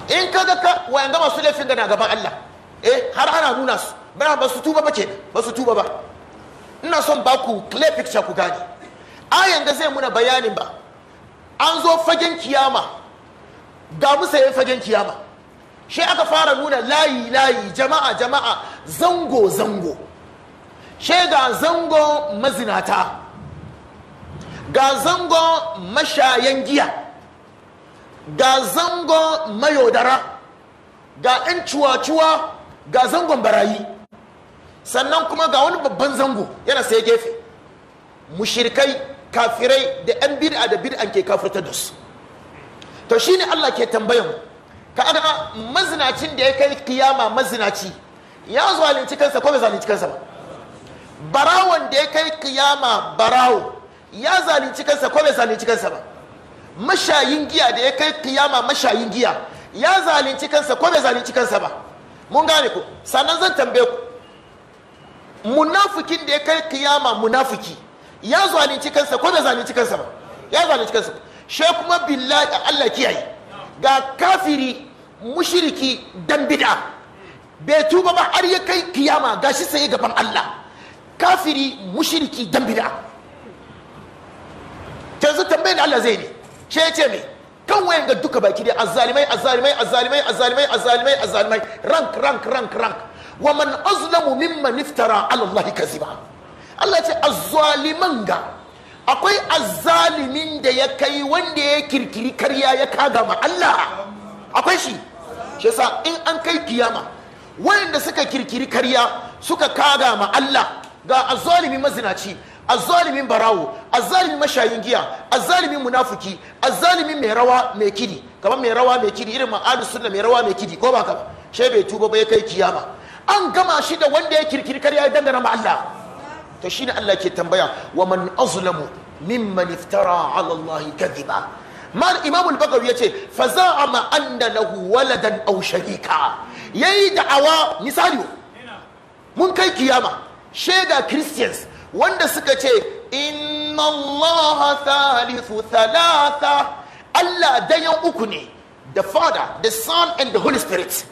in ka ga ka wayan gama su laifin gana gaban Allah eh har ana nuna su bana ba su tuba ba ke ba su tuba ba ina son ba ku clear picture ku gane ayan da zai muna bayanin ba an zo fagen kiyama ga musayen fagen kiyama shi aka fara nuna layi layi jama'a jama'a zango zango shi ga zango mazinata ga zango mashayan giya ga zango mayodara ga 'yan cuwa-cuwa ga zangon barayi sannan kuma ga wani babban zango yana sai gefe mushirkai kafirai da 'yan bir'a da bid'an ke kafirta da su to ne Allah ke tambayan kaga mazinacin da ya kai kiyama mazinaci ya zalunci kansa ko bai zalunci kansa ba barawon da ya kai kiyama barawo ya zalunci kansa ko bai zalunci kansa ba mashayin giya da ya kai kiyama mashayin giya ya zalunci kansa ko bai zalunci kansa ba mun gane ku sannan zan tambaye ku munafikin da ya kai kiyama munafiki ya zalunci kansa ko bai zalunci kansa ba ya zalunci kansa shi kuma billahi Allah kiyaye ga kafiri mushiriki dan bid'a bai tuba ba har ya kai kiyama gashi sai gaban Allah kafiri mushiriki dan bid'a yanzu tambayin Allah zai ne ce ce me kan wayan ga duka baki dai azzalimai azzalimai azzalimai azzalimai azzalimai azzalimai rank rank rank rank wa man azlamu mimman iftara ala Allah kaziba Allah ce azzaliman ga akwai azzalimin da ya kai wanda ya kirkiri karya ya kaga ma Allah akwai shi shi sa in an kai kiyama wayanda suka kirkiri karya suka kaga ma Allah ga azzalimin mazinaci azzalimin barawo azzalimin mashayin giya azzalimin munafuki azzalimin mai rawa mai kidi kamar mai rawa mai kidi irin ma'adu sunna mai rawa mai kidi ko ba ka she bai tuba ba ya kai kiyama an gama shi da wanda ya kirkiri karya ya dangana ma Allah to shine Allah ke tambaya wa man azlamu mimman iftara ala Allah kadhiba mal imamul bagawi ya ce, fa za za'ama anna lahu waladan aw sharika yi da'awa misali mun kai kiyama shaida christians wanda suka ce inna allaha salisu salata Allah dayan uku ne the father the son and the holy spirit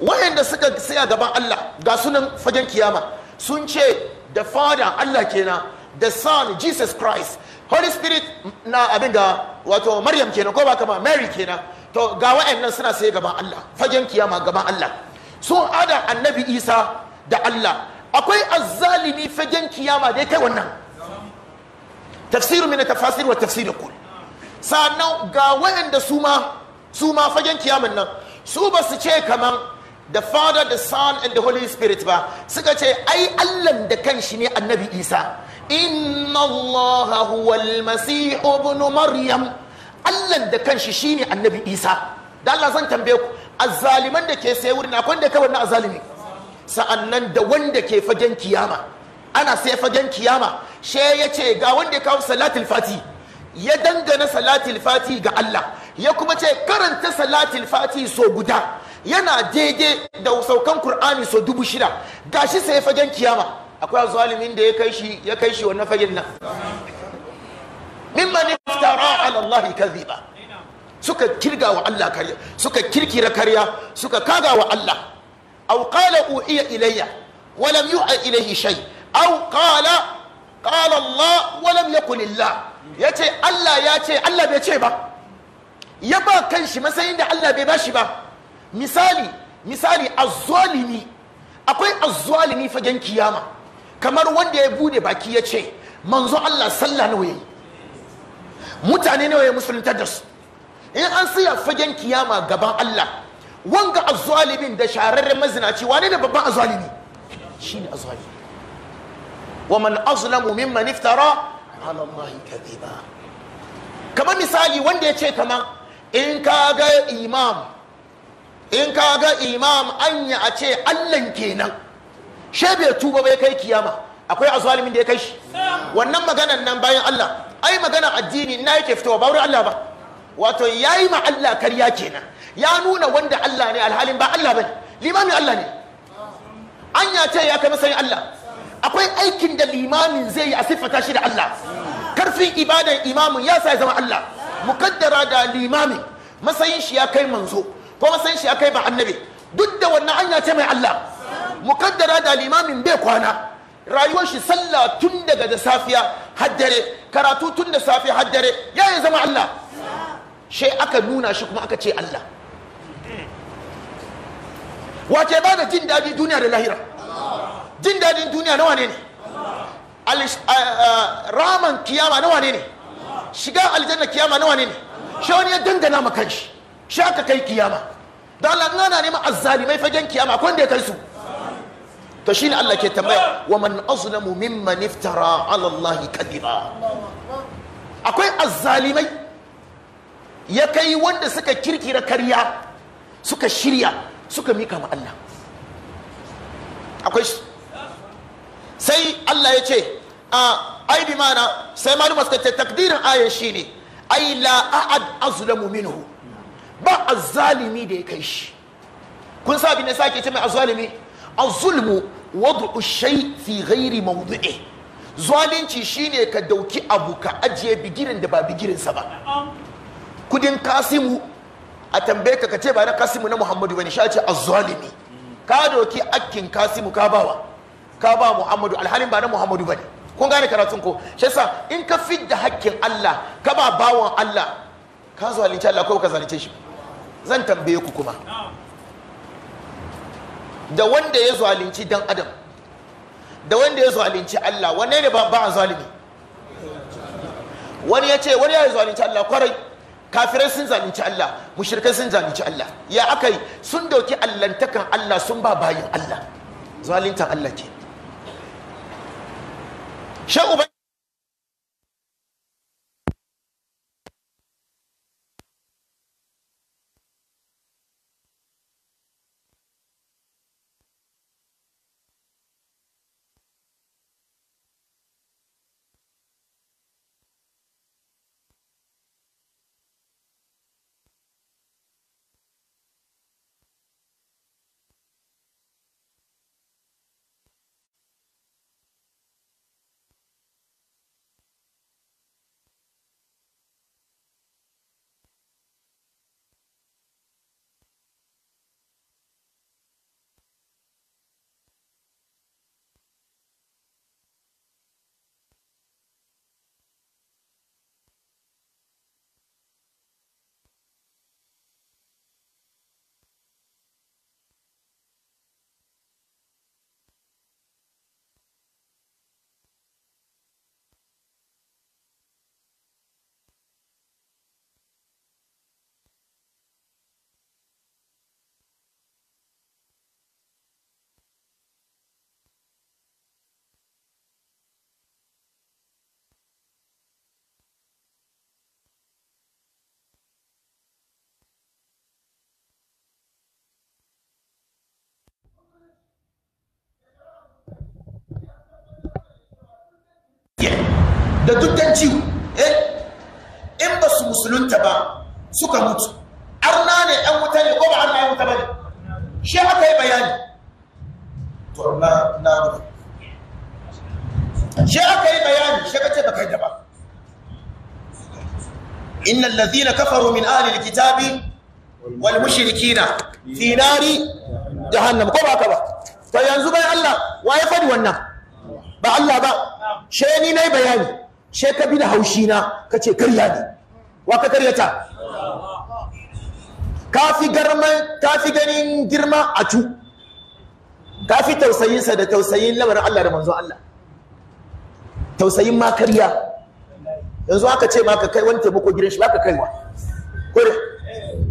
wayanda suka tsaya gaban Allah ga sunan fagen kiyama sun ce the father Allah kenan the son Jesus Christ holy spirit na abin ga wato maryam kenan ko ba kama mary kenan to ga wa'annan suna sai gaban allah fagen kiyama gaban allah sun ada annabi isa da allah akwai azzalimi fagen kiyama da ya kai wannan tafsiru min tafasir wa tafsir kul sannan ga wa'anda su ma su ma fagen kiyaman nan su ba su ce kaman the father the son and the holy spirit ba suka ce ai allan da kanshi ne annabi isa inna allaha huwa maryam allah da kanshi shine annabi isa da Allah zan tambaye ku azzaliman da ke sai wurin akwai da kawai na azzalimi sa'annan da wanda ke fagen kiyama ana sai fagen kiyama she ce ga wanda ya kawo salatul fati ya dangana salatul fati ga Allah ya kuma ce karanta salatul fati so guda yana daidai da saukan qur'ani so dubu shida gashi sai fagen kiyama akwai zalimin da ya kai shi ya kai shi wannan fagen nan mimman iftara ala Allah kadhiba suka kirga wa Allah karya suka kirkira karya suka kaga wa Allah aw qala uhiya ilayya wa lam yu'a ilayhi shay aw qala qala Allah wa lam yakul Allah yace Allah ya ce Allah bai ce ba ya ba kanshi matsayin da Allah bai bashi ba misali misali azzalimi akwai azzalimi fagen kiyama kamar wanda ya bude baki ya ce manzo Allah sallah nawa yayi mutane nawa ya musulunta da su in an siya fagen kiyama gaban Allah wanga azzalimin da shararren mazinaci wane ne babban azzalimi shine azzalimi wa man azlamu mimman iftara ala Allah kadhiba kamar misali wanda ya ce kamar in ka ga imam in ka ga imam anya a ce Allah kenan she bai tuba bai kai kiyama akwai azalimin da ya kai shi wannan maganan nan bayan Allah ai magana addini na yake fitowa ba wurin Allah ba wato yayi ma Allah karya kenan ya nuna wanda Allah ne alhalin ba Allah bane limamin Allah ne anya ce ya kai masanin Allah akwai aikin da limamin zai yi a siffata shi da Allah karfin ibadan imamin ya sa ya zama Allah mukaddara da limamin masayin shi ya kai manzo ko masayin shi ya kai ba annabi duk da wannan anya ce mai Allah mukaddara da limamin bai kwana rayuwar shi sallah tun daga da safiya haddare karatu tun da safiya haddare ya yi zama Allah she aka nuna shi kuma aka ce Allah wace ba da jin daɗi duniya da lahira jin daɗin duniya nawa ne ne raman kiyama nawa ne ne shiga aljanna kiyama nawa ne ne shi wani ya dangana ma kanshi shi aka kai kiyama da Allah na neman azzalimai fagen kiyama akwai da ya kai su to shine Allah ke tambaya wa man azlamu mimma niftara ala Allah kadiba akwai azzalimai ya kai wanda suka kirkira karya suka shirya suka mika ma Allah akwai sai Allah ya ce a ai bi mana sai malama suka ce takdirin ayan shine ai la ahad azlamu minhu ba azzalimi da ya kai shi kun sa abin da sake ce mai azzalimi azzulmu wad'u shay fi ghairi mawdi'i zalunci shine ka dauki abu ka ajiye bigirin da ba sa ba kudin kasimu a tambaye ka kace ba na kasimu na muhammadu bane sha ce azzalimi ka doki akkin kasimu ka bawa ka ba muhammadu alhalin ba na muhammadu bane kun gane karatun ko shesa in ka fi da hakkin Allah ka ba bawan Allah ka zalunci Allah ko ka zalunce shi zan tambaye ku kuma da wanda ya zalunci dan adam da wanda ya zalunci Allah wanne ne ba ba zalimi wani ya ce wani ya zalunci Allah kwarai kafirai sun zalunci Allah mushrikai sun zalunci Allah ya akai sun dauki allantakan Allah sun ba bayin Allah zaluntan Allah ke shan da dukkanci eh in ba su musulunta ba suka mutu arna ne ɗan wuta ne ko ba arna ya wuta ba ne shi aka yi bayani to na na shi aka yi bayani shi aka ce ba kai da ba innal ladhina kafaru min ahli alkitabi wal mushrikina fi nari ko ba ka ba to yanzu bai Allah wa ya faɗi wannan ba Allah ba ni nayi bayani she ka bi da haushi na ka ce karya ne wa ka karyata kafi garman kafi ganin girma a cu kafi tausayinsa da tausayin labarin Allah da manzo Allah tausayin ma karya yanzu aka ce ma ka kai wani taimako gidan shi ba ka kaiwa ko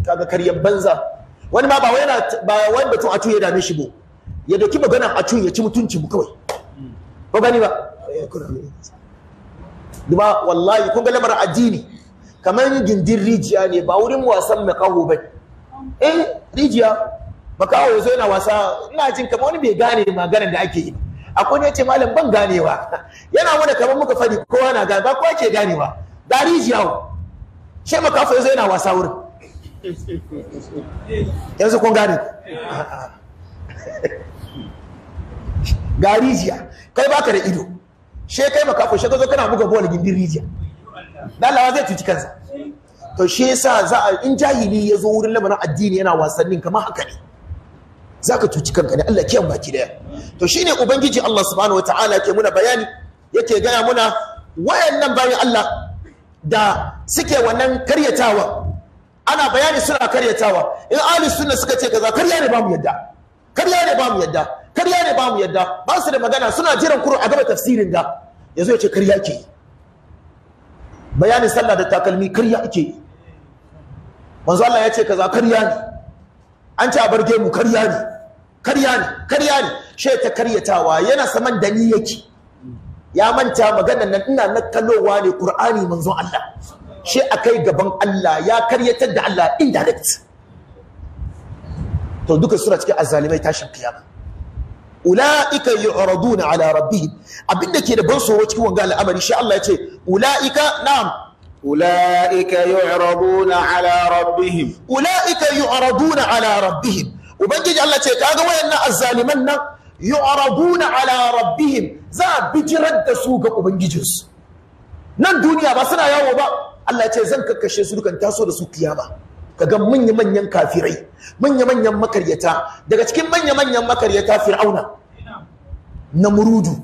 kaga karyar banza wani ma ba wai ba wani batun atu ya dame shi bo ya doki maganar atu ya ci mutunci mu kawai ba gani ba eh, duba wallahi kun ga labar addini kamar gindin rijiya ne ba wurin wasan makaho ba eh rijiya makaho yanzu yana wasa ina jin kamar wani bai gane maganar da ake yi akwai ne ce malam ban ganewa [LAUGHS] yana wani kamar muka fadi kowa na gane ba kowa ke ganewa da rijiya shi makaho ya zo yana wasa wurin [LAUGHS] yanzu kun gane [LAUGHS] ga rijiya kai baka da ido she kai makafu she zo kana buga bola gindin rijiya dalawa zai tuci kansa to shi yasa za a in jahili ya zo wurin lamarin addini yana wasannin kamar haka ne zaka tuci kanka ne Allah kiyan baki daya to shine ubangiji Allah subhanahu wataala ke muna bayani yake gaya muna wayannan bayan Allah da suke wannan karyatawa ana bayani suna karyatawa in ahli sunna suka ce kaza karya ne ba mu yadda karya ne ba mu yadda karya ne ba mu yadda ba su da magana suna jiran kurun a gaba tafsirin da ya zo ya ce karya ke bayanin sallah da takalmi karya ake yi manzo Allah ya ce kaza karya ne an ce a barge mu karya ne karya ne karya ne she ta karyatawa yana saman da ni yake ya manta magana nan ina na kallowa ne Qur'ani manzo Allah she akai gaban Allah ya karyatar da Allah indirect to duka sura cikin azzalimai tashin kiyama ula'ika yu'raduna ala rabbihim abinda ke da ban tsoro cikin wanga al'amari shi Allah ya ce ula'ika na'am ula'ika yu'raduna ala rabbihim ula'ika yu'raduna ala rabbihim ubangiji Allah ce kaga wayannan azzaliman nan yu'raduna ala rabbihim za a bijirar da su ga ubangijinsu nan duniya ba suna yawo ba Allah ya ce zan kakkashe su dukan taso da su kiyama kaga manya-manyan kafirai manya-manyan makaryata daga cikin manya-manyan makaryata fir'auna Namrudu, murudu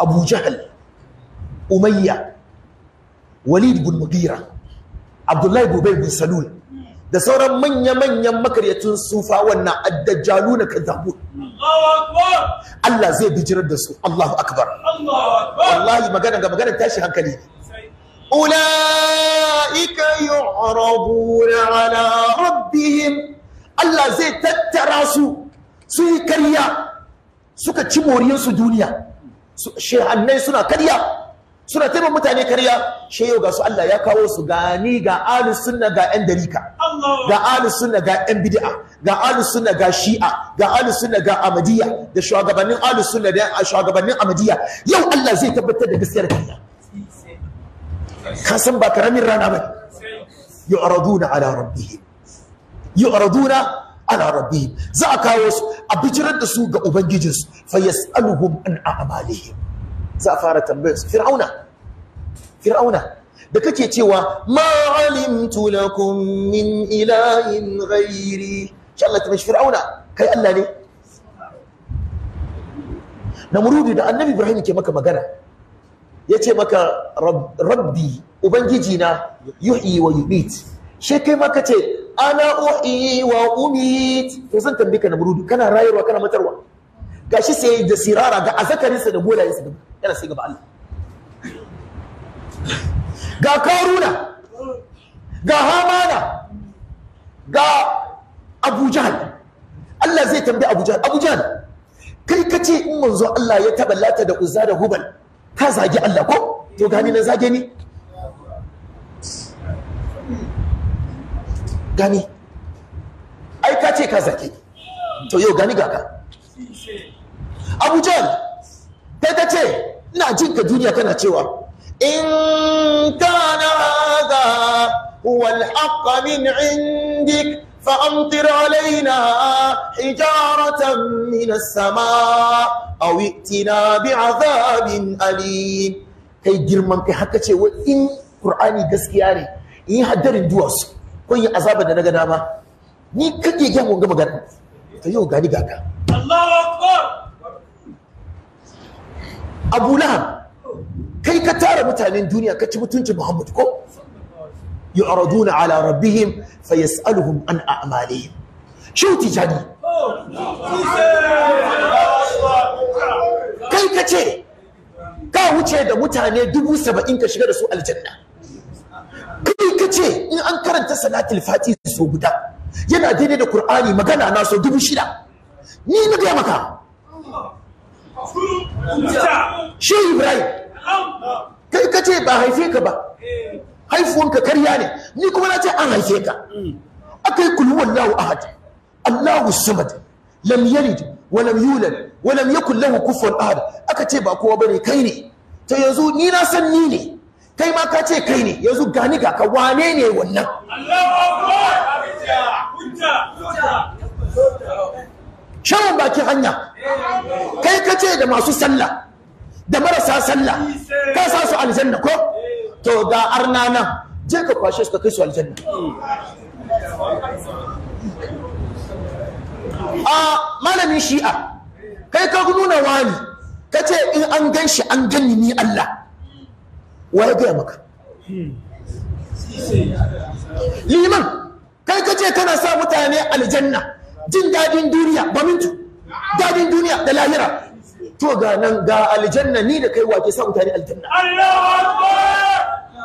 abu jahal umayya walid bin mugira abdullahi gobe bin salul da sauran manya-manyan makaryatun sufa wannan addajjalu na kazzabu Allah zai bijirar da su Allahu akbar wallahi magana ga magana tashi hankali ne أولئك يعرضون على ربهم Allah zai tattara su su yi karya suka ci su duniya shehannai suna karya suna taimaka mutane karya shi yau ga su Allah ya kawo su gani ga ahlus sunna ga yan dalika ga ahlus sunna ga yan bid'a ga ahlus sunna ga shi'a ga ahlus sunna ga amadiyya da shugabannin ahlus sunna da shugabannin amadiyya yau Allah zai tabbatar da gaskiyar karya ka san ba karamin rana ba yu'raduna ala rabbihim yu'raduna ala rabbihim za a kawo su a bijirar da su ga ubangijinsu fa yas'aluhum an a'malihim za a fara tambayar su fir'auna fir'auna da kake cewa ma alimtu lakum min ilahin ghairi sha Allah ta mashi fir'auna kai Allah ne Namurudi da annabi ibrahim ke maka magana ya ce maka rabbi ubangiji na yuhi wa yumit shi kai maka ce ana uhi wa umit to zan tambi ka na burudu kana rayarwa kana matarwa Ga shi sai da sirara ga azakarinsa da bolayensa da yana sai gaba Allah ga karuna ga hamana ga abu jahal Allah zai tambi abu jahal abu jahal kai kace in manzo Allah ya taba lata da uzza da hubal ka zagi Allah ko to gani na zage ni gani ai ka ce ka zage ni to yau gani gaka abujan da kai ta ce ina jin ka duniya kana cewa in kana hadha huwa al-haqq min indik فأمطر علينا حجارة من السماء أو ائتنا بعذاب أليم كي جرمان كي حكا شيء وإن قرآني قسكياني إن هدر دوس كي عذاب دانا قداما ni kake gyan wanga magana to yau gani gaga Allahu kai ka tara mutanen duniya ka ci mutunci Muhammad ko yu'raduna ala rabbihim fayas'aluhum an a'malihim shi tijani kai ka ce ka wuce da mutane dubu saba'in ka shiga da su aljanna kai ka ce in an karanta salatul fati so guda yana daidai da Kur'ani magana na so dubu shida ni na gaya kai ka ce ba haife ka ba haifuwanka karya ne ni kuma na ce an haife ka Akai yi wallahu ahad allahu samad lam yalid wa lam yulad wa lam yakul lahu kufuwan ahad aka ce ba kowa bane kai ne to yanzu ni na san ni ne kai ma ka ce kai ne yanzu gani ga ka wane ne wannan shawon bakin hanya kai ka ce da masu sallah da marasa sallah ka sa su aljanna ko to da arna nan je ka kwashe su ka kai su aljanna a malamin shi'a kai ka nuna wani ka ce in an gan shi an gani ni Allah wa ya gaya maka liman kai ka ce kana sa mutane aljanna jin dadin duniya ba mintu dadin duniya da lahira to ga nan ga aljanna ni da kai wake sa mutane aljanna Allahu akbar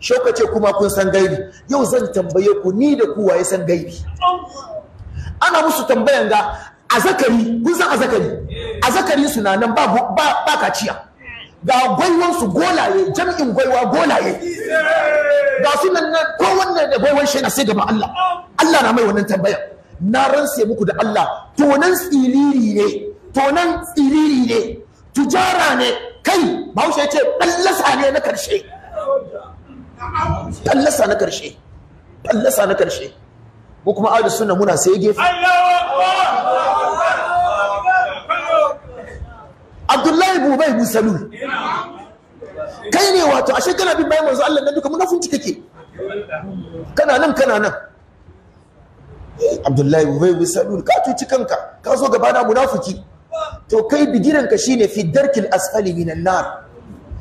shoka ce kuma kun san gaibi yau zan tambaye ku ni da ku waye san gaibi ana musu tambayan ga azakari kun san azakari azakari su na nan ba kaciya ga gwaiwon su golaye jam'in gwaiwa golaye ga su nan ko wannan da gwaiwon shi na sai gaba Allah Allah na mai wannan tambaya na ransa muku da Allah tonan tsiriri ne tonan tsiriri ne tujara ne kai bahaushe ya ce ɗan ne na karshe fallasa na karshe fallasa na karshe ko kuma ahlus sunna muna sai gefe Abdullahi Bubai Musalu kai ne wato ashe kana bin bayan manzo Allah nan duka munafunci kake kana nan kana nan Abdullahi Bubai Musalu ka tuci kanka ka zo gaba na munafiki to kai bigiran ka shine fi darkil asfali minan nar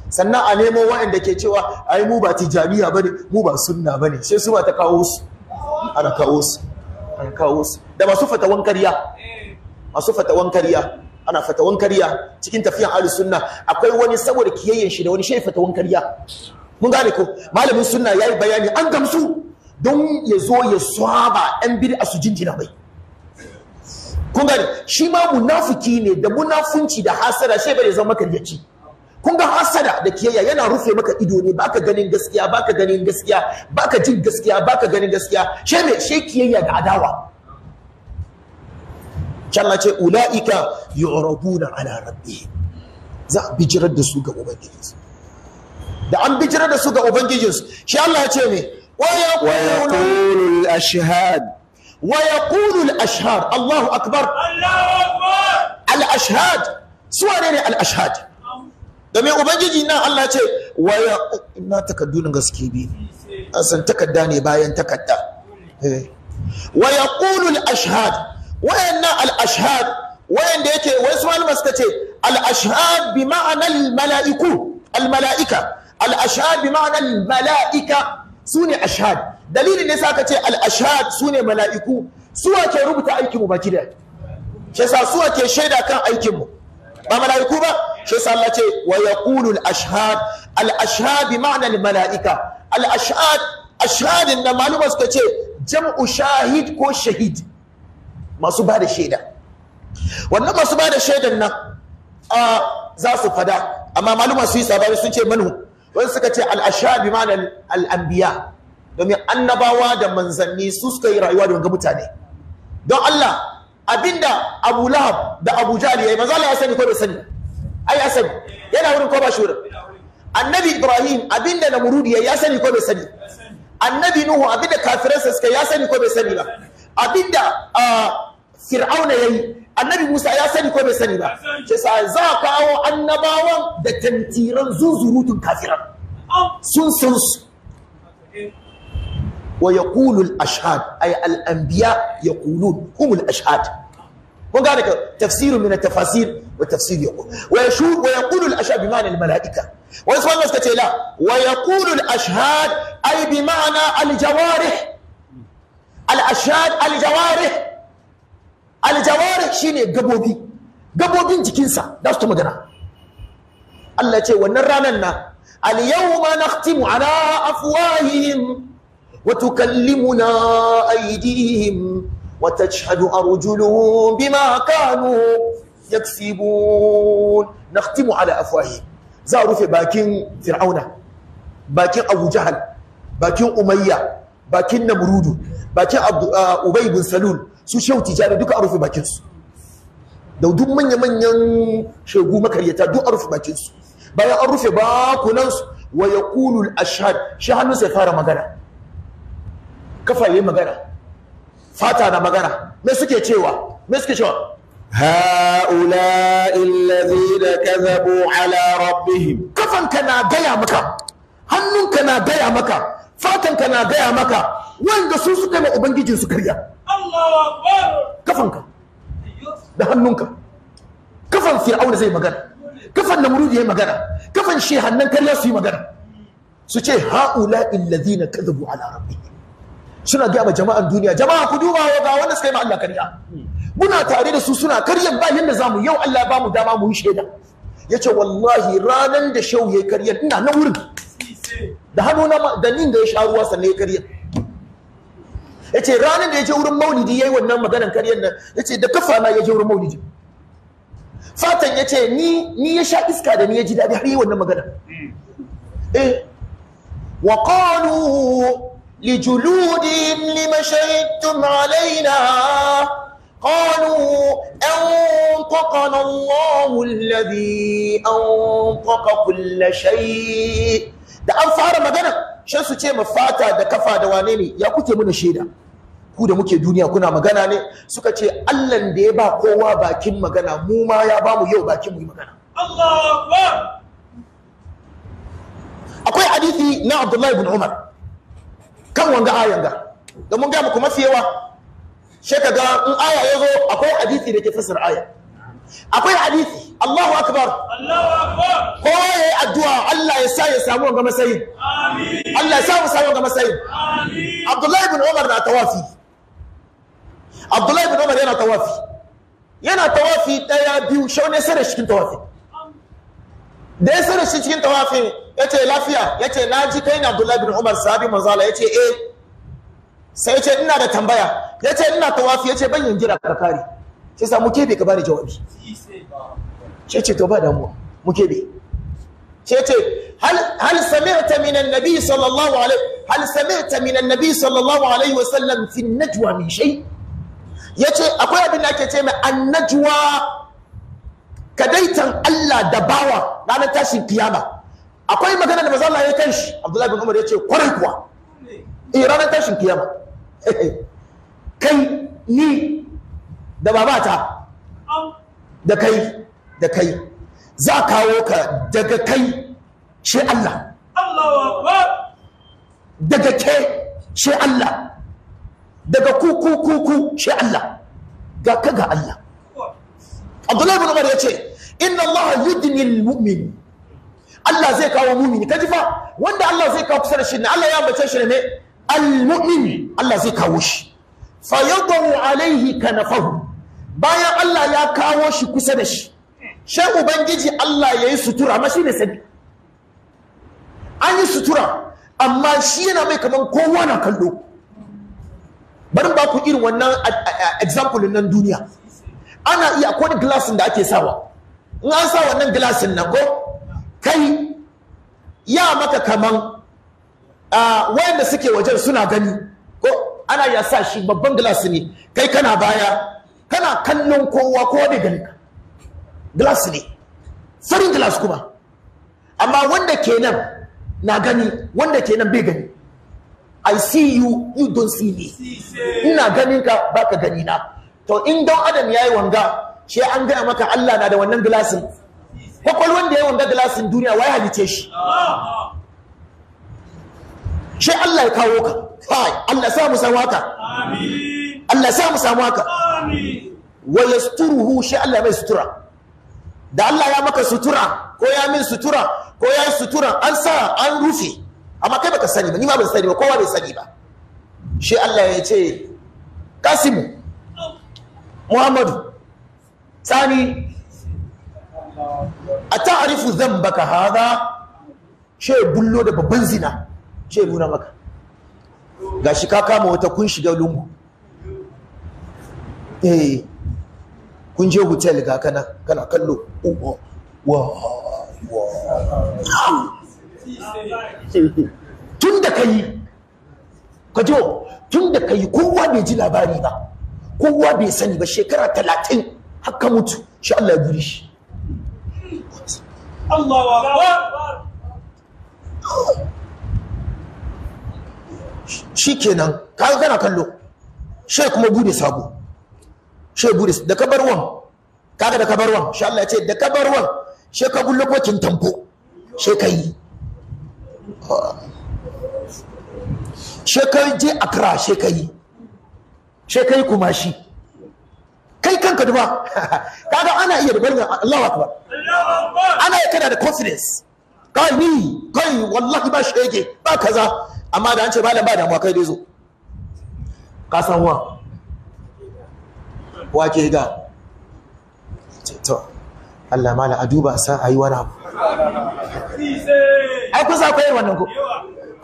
sannan a nemo waɗanda ke cewa ai mu ba tijaniya bane mu ba sunna bane sai su ba ta kawo su ana kawo su ana kawo su da masu fatawan karya masu fatawan karya ana fatawan karya cikin tafiyan ahlus sunna akwai wani saboda kiyayyen shi da wani shi fatawan karya mun gane ko malamin sunna yayi bayani an gamsu don ya zo ya saba yan a su jinjina bai. kun gane shi ma munafiki ne da munafunci da hasara shi bai zama karyaci kun ga hasada da kiyayya yana rufe maka ido ne baka ganin gaskiya baka ganin gaskiya baka jin gaskiya baka ganin gaskiya she me she kiyayya da adawa Allah ce ulaika yu'raduna ala rabbihim za a bijirar da su ga ubangijinsu da an bijirar da su ga ubangijinsu shi Allah ce me wa yaqulu al-ashhad ويقول الأشهاد الله أكبر الله أكبر الأشهاد سوى الأشهاد domin ubangiji nan Allah ce waya na takaddun gaske bi an takadda ne bayan takadda eh. wa yaqulu al-ashhad inna al-ashhad wayanda yake wasu malama suka ce al-ashhad bi ma'ana al-mala'iku al-mala'ika al-ashhad bi ma'ana al-mala'ika sune ashhad dalilin ne saka ce al-ashhad sune mala'iku suwa ke rubuta aikin mu baki da shi yasa suwa ke shaida kan aikin mu ba mala'iku ba shi yasa Allah ce wa yaqulu al-ashhad al-ashhad bi ma'na al-mala'ika al-ashhad ashhadin maluma suka ce jam'u shahid ko shahid masu ba da shaida wannan masu ba da shaidan nan a za su fada amma maluma su yi sabari sun ce manhu wani suka ce al-ashhad bi ma'na al-anbiya domin annabawa da manzanni su suka yi rayuwa don ga mutane don Allah abinda Abu Lahab da Abu Jahl yayi manzo Allah ya sani ko bai sani ai ya sani yana wurin ko ba shi wurin annabi Ibrahim abinda Namrud yayi ya sani ko bai sani annabi Nuhu abinda kafiransa suka ya sani ko bai sani ba abinda Fir'auna yayi annabi Musa ya sani ko bai sani ba ce sa za kawo annabawan da tantiran zuzurutun kafiran sun san su ويقول الأشهاد أي الأنبياء يقولون هم الأشهاد وقالك تفسير من التفاسير والتفسير يقول ويشهد ويقول الأشهاد بمعنى الملائكة ويسمى الناس لا ويقول الأشهاد أي بمعنى الجوارح الأشهاد الجوارح الجوارح شيني قبوبي انت كنسا داستو مدنا الله يقول ونرانا اليوم نختم على أفواههم وتكلمنا أيديهم وتشهد أرجلهم بما كانوا يكسبون نختم على أفواههم زاروا في باكين فرعون باكين أبو جهل باكين أمية باكين نمرود باكين أبي بن سلول su shehu tijjani duka a rufe bakinsu da duk manya-manyan shegu makaryata duk a rufe bakinsu bayan an rufe bakunansu wa ya kulul ashad shi hannunsa ya fara magana kafaye magana fata na magana me suke cewa me suke cewa هؤلاء الذين كذبوا ala rabbihim. Kafanka na gaya maka. Hannunka na gaya maka. fatanka na gaya maka wanda su suka ma ubangijin su karya kafanka da hannunka kafan fir'auna zai magana kafan namrudi ya magana kafan shehannan karya su yi magana su ce ha'ula illazina kadhabu ala rabbihim suna gaya ma jama'an duniya jama'a ku duba ga wanda suka yi ma Allah karya muna tare da su suna karyan ba yanda zamu yau Allah ba mu dama mu yi shaida yace wallahi ranan da shau ya karyan ina na wurin da hannu na da nin da ya sha ruwa sannan ya Ya yace ranan da ya je wurin maulidi yayi wannan maganan karyan nan yace da kafa na ya je wurin maulidi fatan yace ni ni ya sha iska da ni ya ji dadi har yi wannan magana eh wa qalu لجلودهم لما شهدتم علينا قالوا أنطقنا الله الذي أنطق كل شيء da an fara magana shan su ce mafata da kafa da wane ne ya kuke muna shaida ku da muke duniya kuna magana ne suka ce allan da ya ba kowa bakin magana mu ma ya ba mu yau bakin mu yi magana akwai hadisi na abdullahi ibn umar kan wanga ayan ga da mun ga muku mafi yawa she ka ga in aya yazo akwai hadisi da ke fasar aya akwai hadisi Allahu akbar Allahu akbar ko ya addu'a Allah ya sa ya samu wanga masayin amin Allah ya sa mu samu wanga masayin amin Abdullahi ibn Umar na tawafi Abdullahi ibn Umar yana tawafi yana tawafi daya biyu shaune sai da cikin tawafi da ya sai da cikin tawafi. ya ce lafiya ya ce na ji kai na abdullahi bin umar sahabi manzala ya ce eh sai ya ce ina da tambaya ya ce ina tawafi ya ce ban yin jira ka kare sai sa mu kebe ka bani jawabi ce ce to ba damuwa mu kebe ce ce hal sami'ta min annabi sallallahu alaihi hal sami'ta min annabi sallallahu alaihi wa sallam fi najwa min shay yace akwai abin da ake ce mai annajwa kadaitan Allah da bawa ranar tashin kiyama akwai magana da mazala ya kan shi abdullahi bin umar ya ce kwarai kuwa in eh, ranar tashin kiyama [LAUGHS] kai ni da babata da kai da kai za a kawo ka daga kai shi Allah daga ke shi Allah daga kuku kuku shi Allah ga ka ga Allah abdullahi bin umar ya ce inna Allah yudni al-mu'min Allah zai kawo mumini kaji fa wanda Allah zai kawo kusa da shi ne Allah ya bace shi ne al mumini Allah zai kawo shi fa yadawu alaihi kanafahu bayan Allah ya kawo shi kusa da shi Shan ubangiji Allah yayi sutura amma shi ne sani an yi sutura amma shi yana mai kaman kowa na kallo bari ba ku irin wannan example nan duniya ana iya akwai glasin da ake sawa in an sa wannan glasin nan ko kai ya maka kaman wayanda suke wajen suna gani ko ana ya sa shi babban glass ne kai kana baya kana kallon kowa ko da gani glass ne farin glass kuma amma wanda kenan na gani wanda kenan bai gani I see you, you don't see me. Ina ganin ka baka gani na. To in don Adam yayi wanga, shi an gaya maka Allah na da wannan gilasin kwakwalwan da ya wanga glasin duniya ya halice shi shi Allah ya kawo ka kai Allah sa mu samu haka amin Allah sa mu samu haka amin wa suturuhu shi Allah mai sutura da Allah ya maka sutura ko ya min sutura ko ya yi sutura an sa an rufe amma kai baka sani ba ni ma ban sani ba kowa bai sani ba shi Allah ya ce kasimu Muhammadu Sani a arifu zan baka haza ce bullo da babban zina ce nuna maka ga shi ka kama wata kun shiga lungu eh kun je hotel ga kana kana kallo wa wa [LAUGHS] tun da ka yi ka jo tun da ka yi kowa bai ji labari ba kowa bai sani ba shekara talatin haka mutu shi Allah ya guri shi Allahu akbar shikenan kaga kana kallo she kuma bude sabo she bude da kabarwan kaga da kabarwan insha Allah ya ce da kabarwan she ka gulle kokin tambo she kai she kai je akra she kai she kai kuma shi kai kanka duba [LAUGHS] kaga ana iya da barna Allahu akbar ana iya kana da confidence kai ni kai wallahi ba shege ba kaza amma da an ce malam ba da kai dai zo ka san wa wa ke ga to Allah mala a duba sa ayi wani abu ai kusa yi wannan ko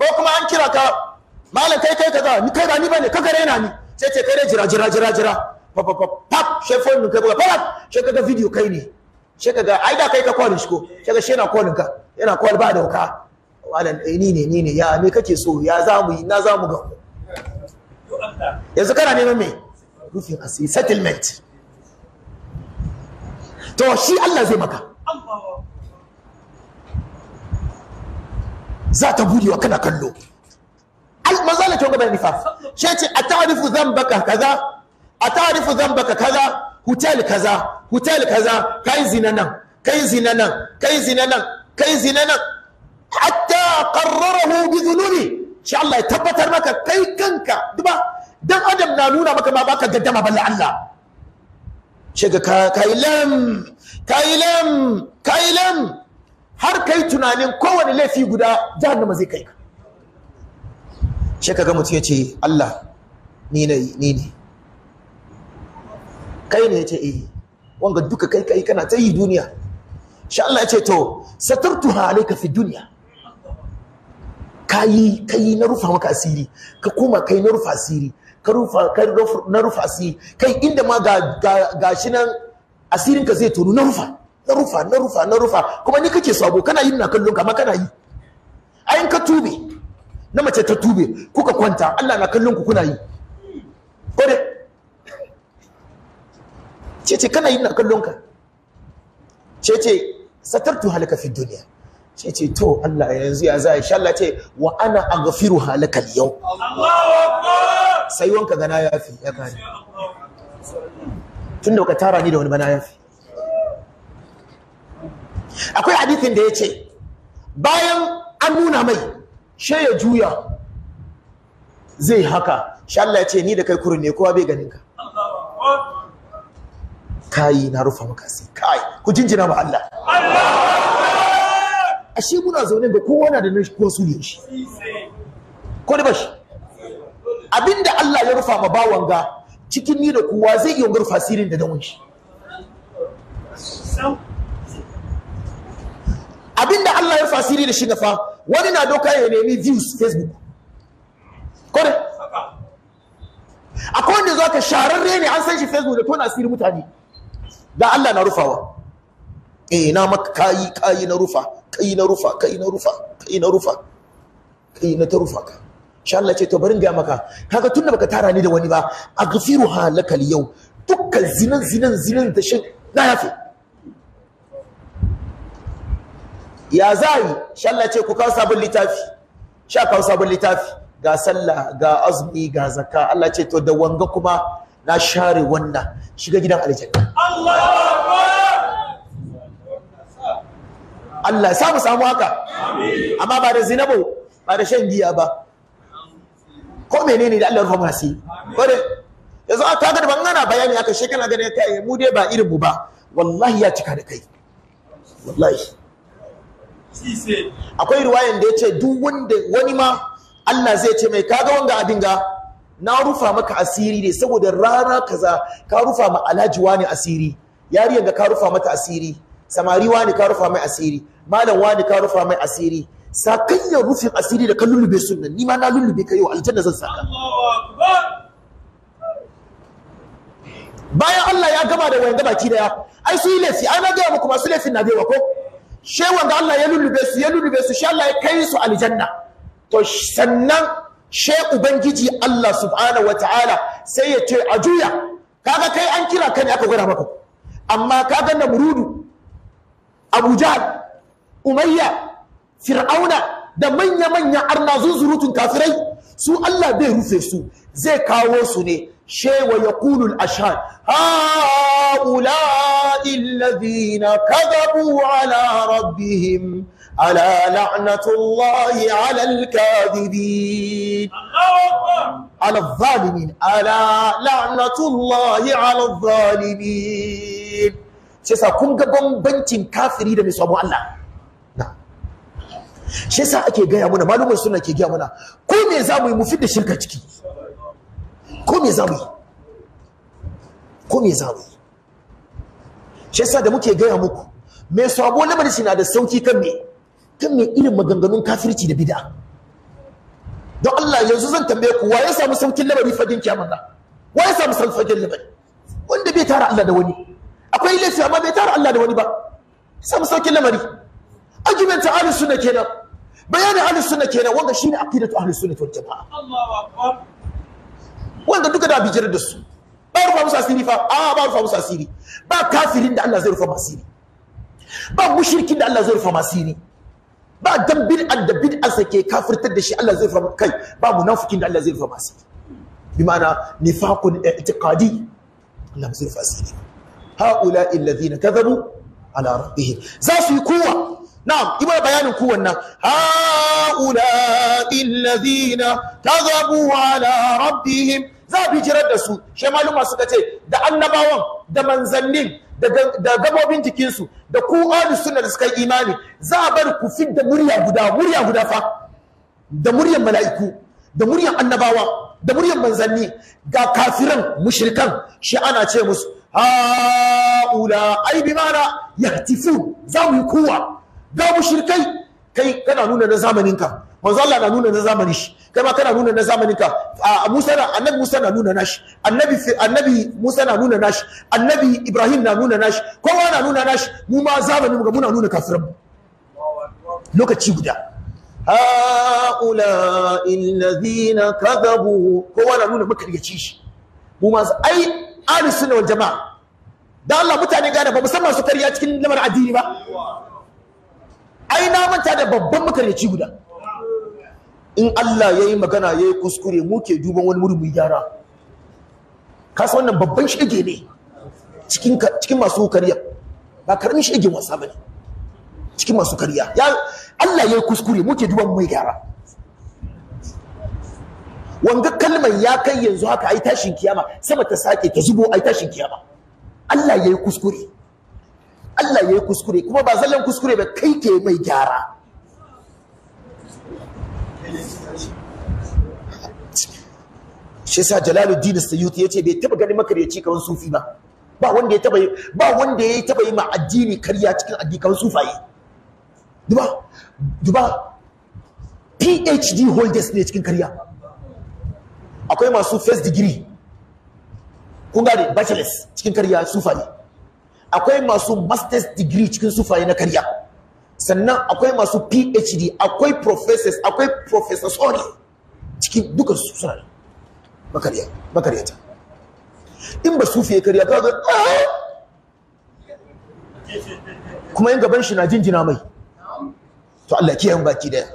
ko kuma an kira ka malam kai kai kaza ni kai ba ni bane ka gare na ni sai ce kai dai jira jira jira jira fafafafaf shi fonin kai buga faraf shi kaga video kai ne shi kaga ai da kai ka kwalin shi ko shi kaga shi yana kwalin ka yana kwal ba da wuka. malam eh ni ne ni ne ya me kake so ya zamu yi na zamu ga yanzu kana neman me rufin asiri settlement to shi Allah zai maka za ta buɗe wa kana kallo al mazalatu ga bai nifa. shi ce a zan baka kaza a zan zambaka kaza hotel kaza hotel kaza kai zina nan kai zina nan kai zina nan kai zina nan hatta qarrarahu bi dhunubi insha Allah ya tabbatar maka kai kanka duba dan adam na nuna maka ma baka gaddama balla Allah ce ga kai lam kai lam kai lam har kai tunanin kowane laifi guda jahannama zai kai ka shi kaga mutum ya ce Allah ni ne ni ne kai ne yace eh wanga duka kai kai kana ta yi duniya Sha Allah ya ce to satartu alayka fi dunya kai kai na rufa maka asiri ka koma kai na rufa asiri ka rufa kai na rufa asiri kai inda ma ga gashi nan ka zai tono na rufa na rufa na rufa na rufa kuma ni kake sabo kana yin na kallon ka ma kana yi ayin ka tube na mace ta tube kuka kwanta Allah na kallon ku kuna yi kore ce ce kana yi na kallon ka ce ce satartu halaka fi duniya ce ce to Allah yanzu ya za Sha Allah ce wa ana gafiru halaka yau sai wanka gana fi ya tun da ka tara ni da wani bana ya fi. akwai hadithin da ya ce bayan an nuna mai shi ya juya zai haka sha Allah ya ce ni da kai kurin ne kowa bai ganin ka kai na rufa maka sai kai ku jinjina ma Allah Allah ashe muna zaune da kowa na da nashi ko su ne shi ko da bashi abinda Allah ya rufa ma bawan ga cikin ni da kowa zai iya rufa fasirin da dawon shi abinda Allah ya rufa siri da shi na fa wani na doka ya nemi views facebook ko da akwai wanda zo ka shararre ne an san shi facebook da tona asiri mutane da Allah na rufawa eh na maka kayi kayi na rufa kai na rufa kai na rufa kai na rufa kai na ta rufa ka insha Allah ce to barin ga maka kaga tunda baka tara ni da wani ba aghfiru halakal yau dukkan zinan zinan zinan da shin na yafe. ya zai insha Allah ce ku kawo sabon littafi sha kawo sabon littafi ga sallah ga azumi ga zakka Allah ce to da wanga kuma na share wannan shiga gidan aljanna Allah ya samu samu haka amma ba da zinabo ba da shan giya ba ko menene da Allah ya rufa mana sai ko da yanzu a kaga da ban bayani aka shi kana ganin kai mu dai ba irin mu ba wallahi ya cika da kai wallahi akwai riwayan da yace duk wanda wani ma Allah zai ce mai kaga wanga abin ga na rufa maka asiri ne saboda rana kaza ka rufa ma alhaji wani asiri yariyar da ka rufa mata asiri samari wani ka rufa mai asiri malam wani ka rufa mai asiri ya rufin asiri da ka lullube sunan ni ma na lullube ka yau aljanna zan saka bayan Allah ya gama da wayan gabaki daya ai su yi laifi ai na gaya muku masu laifin na baiwa ko shewan da Allah ya lullube su ya lullube su sha Allah ya kai su aljanna to sannan she ubangiji Allah subhanahu wataala sai ya ce a juya kaga kai an kira kan aka gwada maka amma kaga murudu abu Jahl umayya fir'auna da manya manya arna zuzurutun kafirai su Allah bai rufe su zai kawo su ne shewa ya kulul ashad ulai alladhina kadabu ala rabbihim على لعنة الله على الكاذبين على الظالمين على لعنة الله على الظالمين شيسا كم غبان بنتين كافري دمي مسوى الله شيسا اكي قايا منا معلومة السنة اكي قايا منا كم يزامي مفيد شركة جكي كم يزامي كم يزامي شيسا da muke gaya muku mai sabo lamari na da sauki kan kan mai irin maganganun kafirci da bid'a don Allah yanzu zan tambaye ku wa ya samu saukin labari fagen kiyaman nan wa ya samu saukin labari wanda bai tara Allah da wani akwai laifi amma bai tara Allah da wani ba samu saukin labari argument ta ahlus sunna kenan bayanin ahlus sunna kenan wanda shine aqidatu ahlus sunna wal jamaa wanda duka da bijir da su ba rufa musu asiri fa a ba rufa musu asiri ba kafirin da Allah zai rufa masiri ba mushrikin da Allah zai rufa masiri ba dan bid'an da bid'ansa ke kafirtar da shi Allah zai fama kai ba munafikin da Allah zai fama su bi ma'ana nifaqun i'tiqadi Allah zai fama su haula alladhina kadhabu ala rabbihim za su yi kowa na'am ibada bayanin kowan nan haula alladhina kadhabu ala rabbihim za a bijirar da su shi maluma suka ce da annabawan da manzannin da gabobin jikinsu da ku suna sunna da suka yi imani za a bar ku da murya guda murya guda fa da muryan mala'iku da muryan annabawa da muryan manzanni ga kafiran mushrikan shi ana ce musu haula ai bi mana yahtifu za mu yi kowa ga mushrikai kai kana nuna na zamaninka manzo Allah na nuna na zamani shi kai ma kana nuna na zamani ka Musa na annabi Musa na nuna nashi annabi annabi Musa na nuna nashi annabi Ibrahim na nuna nashi kowa na nuna nashi mu ma zamani mu muna nuna kafiran lokaci guda haula alladhina kadhabu kowa na nuna maka makaryaci shi mu ma ai ahlus sunna wal jamaa da Allah mutane gane ba musamman su karya cikin lamarin addini ba ai na manta da babban makaryaci guda in Allah ya yi magana ya yi kuskure mu ke duban wani wuri mu gyara kasa wannan babban shege ne cikin masu karya ba karamin shige wasa ba ne cikin masu karya Allah ya yi kuskure mu ke duban mu gyara wanga kalmar ya kai yanzu haka ai tashin kiyama sama ta sake ta zubo ai tashin kiyama Allah ya yi kuskure Allah ya yi kuskure kuma ba zallan kuskure ba kai ke mai gyara shi yasa Jalaluddin Suyuti yace bai taba ganin makaryaci kamar sufi ba ba wanda ya taba ba wanda ya taba yi ma addini karya cikin addini kamar sufaye duba duba PhD holders ne cikin karya akwai masu first degree kun gane bachelors cikin karya sufaye akwai masu master's degree cikin sufaye na karya sannan akwai masu PhD akwai professors akwai professors cikin dukan suna makaryata in ba sufi ya karya ka ga ah! kuma in gaban shi na jinjina mai to Allah kiyan baki daya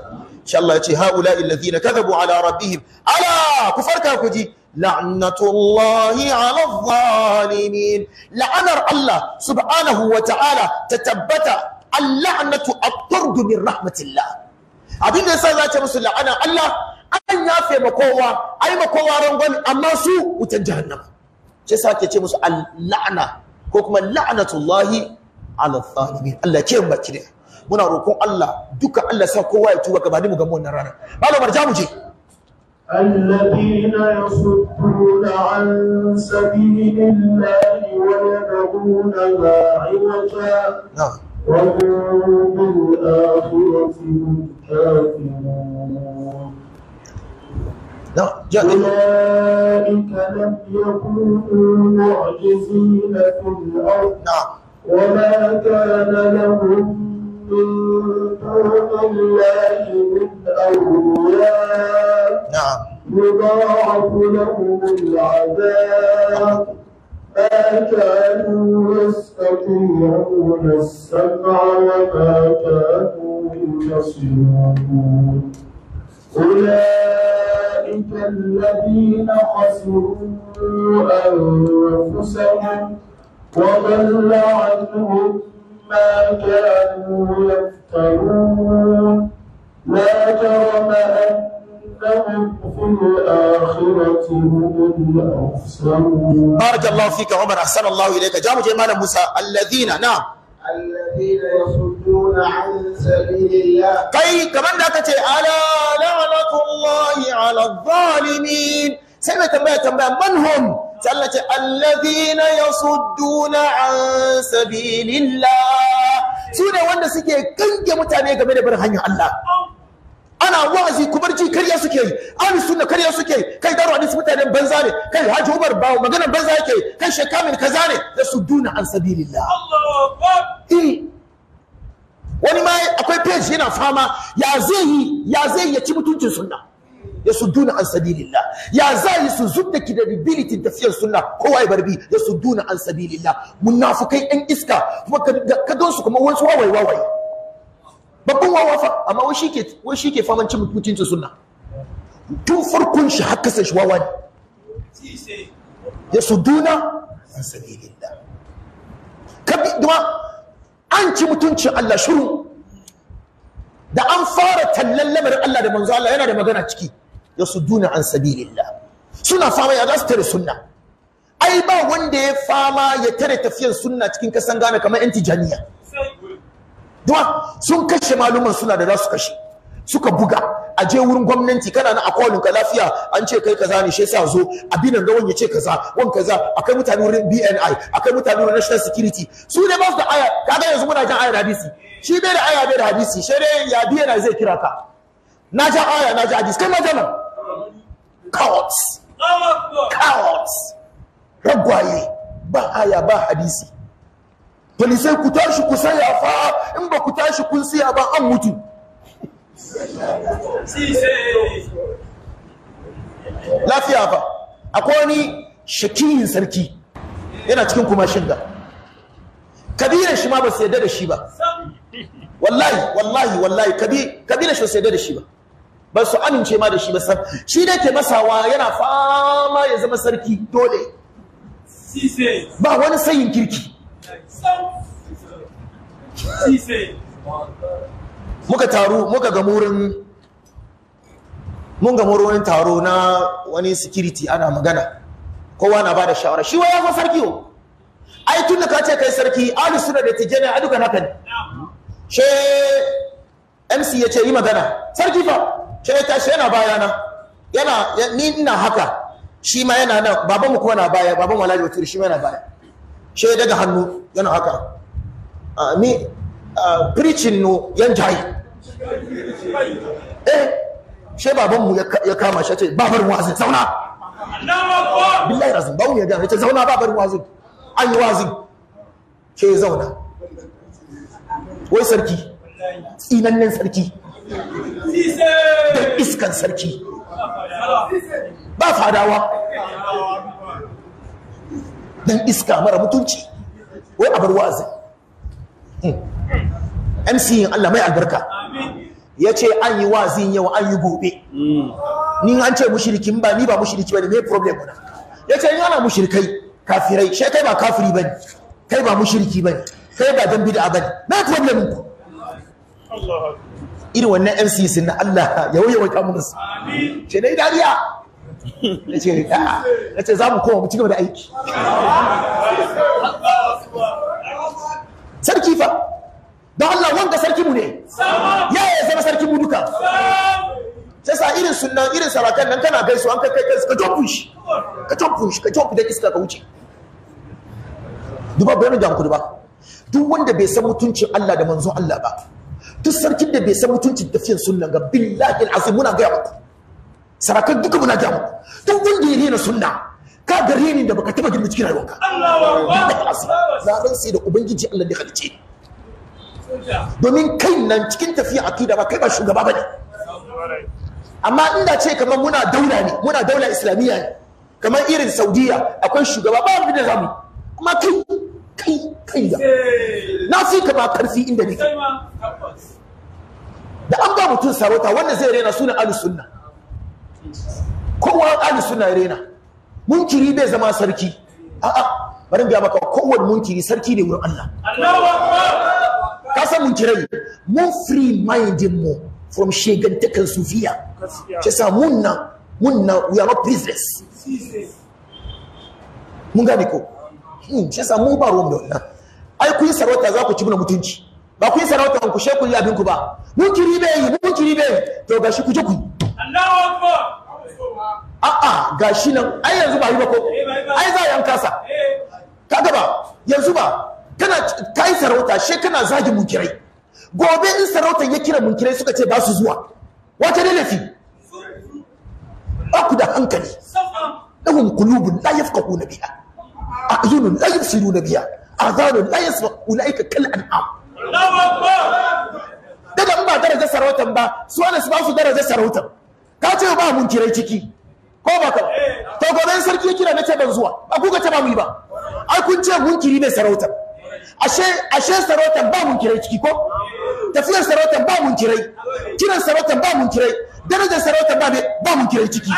insha Allah ya ce haula alladhina ala rabbihim ala ku farka ku ji la'natullahi ala zalimin la'anar Allah subhanahu wa ta'ala tatabbata al-la'natu at-tardu min rahmatillah abinda yasa za ta musu la'ana Allah an yafe ma kowa ai ma kowa rangon, amma su wutar jahannama shi sa ke ce musu al-la'na ko kuma la'natullahi ala zalimin Allah ke mu baki muna roƙon Allah duka Allah sa kowa ya tuba gaba ni mu ga wannan rana malumar ja mu je الذين يصدون عن سبيل الله ويبغونها عوجا وهم بالآخرة هم كافرون أولئك لم يكونوا معجزين في الأرض نعم وما كان لهم من دون الله من أولياء نعم يضاعف لهم العذاب ما كانوا يستطيعون السمع وما كانوا يبصرون أولئك الذين خسروا أنفسهم وضل عنهم ما كانوا يفترون لا جرم أنهم في الآخرة هم الأخسرون بارك الله فيك عمر أحسن الله إليك جامع جمال موسى الذين نعم الذين يخرجون kai kamar da aka ce ala ala zalimin sai da tambaya tambaya manhum sai Allah ce allazina yasudduna an sabilillah su ne wanda suke kange mutane game da barin hanyar Allah ana wa'azi kubar ji kariya suke yi an sunna kariya suke yi kai daro hadisi mutanen banza ne kai haji umar bawo maganar banza yake kai shekamin kaza ne yasudduna an sabilillah Allahu akbar wani ma akwai page yana fama ya zai yi ya zai ya ci mutuncin sunna ya su duna an sabilillah ya zai su zubda credibility tafiyar sunna kowa ya barbi ya su duna an sabilillah munafikai yan iska kuma ka don su kuma wasu wawai wawai babban wawa fa amma wai shike wai shike faman ci mutuncin sunna tun farkon shi haka sai shi wawa ne ya duna an sabilillah kabi duma an ci mutuncin Allah shiru da an fara tallan lamarin Allah da manzo Allah yana da magana ciki ya duna an sabilillah suna fama ya za su tare sunna ai ba wanda ya fama ya tare tafiyar sunna cikin kasan gane kamar yan Tijaniya duwa sun kashe maluman suna da za su kashe suka buga a je wurin gwamnati kana na akwalin ka lafiya an ce kai kaza ne shi yasa zo nan rawan ya ce kaza wan kaza akai mutane wurin BNI akai mutane wurin national security su ne ba su da aya kaga yanzu muna jin aya da hadisi shi bai da aya bai da hadisi shi dai ya biya na zai kira ka na ja aya na ja hadisi kai ma nan cowards cowards ragwaye ba aya ba hadisi polisai ku tashi ku saya fa in ba ku tashi kun siya ba an mutu lafiya ba akwai wani shakiyin sarki yana cikin kuma shinga kabilan shi ma ba su da shi ba wallahi wallahi wallahi kabilan shi ba su da shi ba ba su amince ma da shi ba shi ne ke masawa yana fama ya zama sarki dole ba wani sayin kirki muka taru muka ga murin mun ga murin taro na wani security ana magana kowa na bada shawara shi waya fa sarki o ai tun da ka ce kai sarki ali suna da tijana a dukkan haka she MC ya ce yi magana sarki fa she ya tashi yana bayana yana ni ina haka shi ma yana nan babanmu kuma na baya baban walaji bature shi ma yana baya she ya daga hannu yana haka ah, ni ah, preaching no yan jayi eh she baban mu ya kama shi ce babar wazin zauna billahi razin mu ya gane ce zauna babar wazin an yi wazin ke zauna wai sarki tsinannen sarki da iskan sarki ba fadawa dan iska mara mutunci wai abar wazin hmm. MC Allah mai albarka ya ce an yi wazin yau an yi gobe ni an ce mushirikin ba ni ba mushriki bane mai problem kuna ya ce yana mushirikai kafirai shi kai ba kafiri bane kai ba mushriki bane kai ba dan bid'a bane na problem ku irin wannan MC sun na Allah ya waye wata mun su amin ce dai dariya Ya ce za mu koma mu ci gaba da aiki sarki fa Da Allah wanda sarki mu ne ya yi zama sarki mu duka sai sa irin sunan irin sarakan nan kana gaisu an kai kai ka jofu shi ka jofu shi ka jofu da iska ka wuce duba bayan da ku ba. duk wanda bai san mutuncin Allah da manzon Allah ba duk sarkin da bai san mutuncin tafiyan sunan ga billahi alazim muna ga ku. sarakan duka muna ga ku. duk wanda ya rena sunna ka gare ni da baka taba gina cikin rayuwarka Allahu akbar na ran sai da ubangiji Allah da halice domin kai nan cikin tafiya akida ba kai ba shugaba ba ne amma inda ce kamar muna daula ne muna daula islamiyya ne kamar irin saudiya akwai shugaba ba wani da zamu kuma kai kai kai da na fi ka ba karfi inda ne. da an ba mutum sarauta wanda zai rena suna alu sunna kowa alu sunna ya rena munkiri bai zama sarki a'a bari ga maka kowanne munkiri sarki ne wurin Allah ka san mun kirai mun free mind mu from kan sufiya ce sa mun munna we are not prisoners mun gane ko ce hmm, sa mun ba ruwan da wannan ai kun sarauta za ku ci mana mutunci ba kun sarauta ku kun yi abinku ba mun kiri bai yi mun kiri bai to gashi ku je ku Allahu akbar a'a gashi nan ai yanzu ba yi ba ko eh, ai za yan yankasa eh. kaga ba yanzu ba kana kai sarauta she kana zagi munkirai gobe in sarautar ya kira munkirai suka ce ba su zuwa Wata ne lafi aku da hankali lahum qulubun la yafqahuna biha a'yunun la yubsiruna biha azanun la yasma'una ulaika kal an'am daga in ba daraja sarautar ba su ana ba su daraja sarautar ka ce ba munkirai ciki ko ba ka eh. to gobe sarki ya kira na ce ban zuwa A kuka ta ba mu yi ba ai kun ce munkiri ne sarautar ashe ashe sarautar ba mun kirai ciki ko tafiyar sarautar ba mun kirai kiran sarautar ba mun kirai darajar sarautar ba ba mun kirai ciki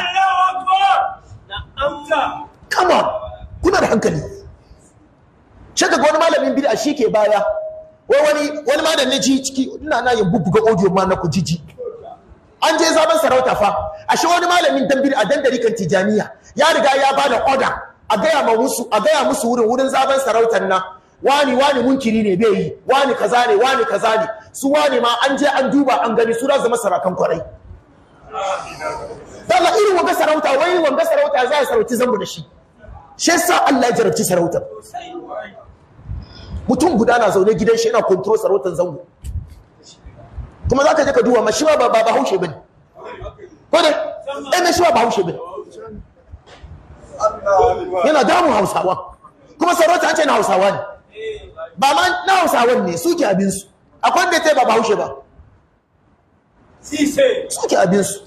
Kama kuna da hankali shi ga wani malamin bid'a shi ke baya wai wani wani malamin ne ji ciki ina na yin bubbuga audio ma na ku jiji an je zaben sarauta fa ashe wani malamin dan bid'a dan kan tijaniya ya riga ya bada order a gaya musu a musu wurin wurin zaben sarautar nan wani wani munkiri ne bai yi wani kaza ne wani kaza ne su wani ma an je an duba an gani su zama sarakan kwarai dala irin wanga sarauta wai wanga sarauta za a sarauci zambu da shi shi yasa Allah ya jarabci sarautar mutum guda na zaune gidan shi yana control sarautar zango kuma zaka je ka duba ma ba ba haushe bane ko dai eh me shi ba haushe bane yana damun Hausawa kuma sarauta ce na Hausawa ne ba ma na hausawan ne suke abinsu akwai da ta yi ba haushe ba suke abinsu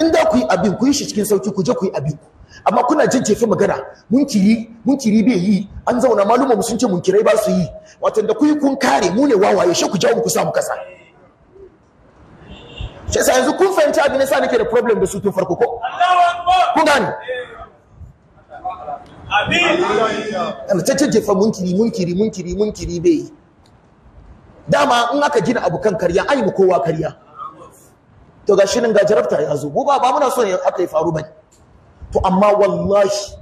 inda da ku yi abin ku yi shi cikin sauki ku je ku yi abin amma kuna jin jefe magana mun kiri bai yi an zauna maluma sun ce mun kirai ba su yi wato da ku yi kun kare mu ne wawaye shi ku jawo ku samu kasa sai yanzu kun fahimci abin yasa nake da problem da su tun farko ko kun gani. Eh. amin ta jefa munkiri munkiri munkiri munkiri bai dama in aka gina abu kan karya ai mu kowa karya to gashi nan ga jarabta ya zo gobe ba ba muna so ne aka yi faru bane to amma wallahi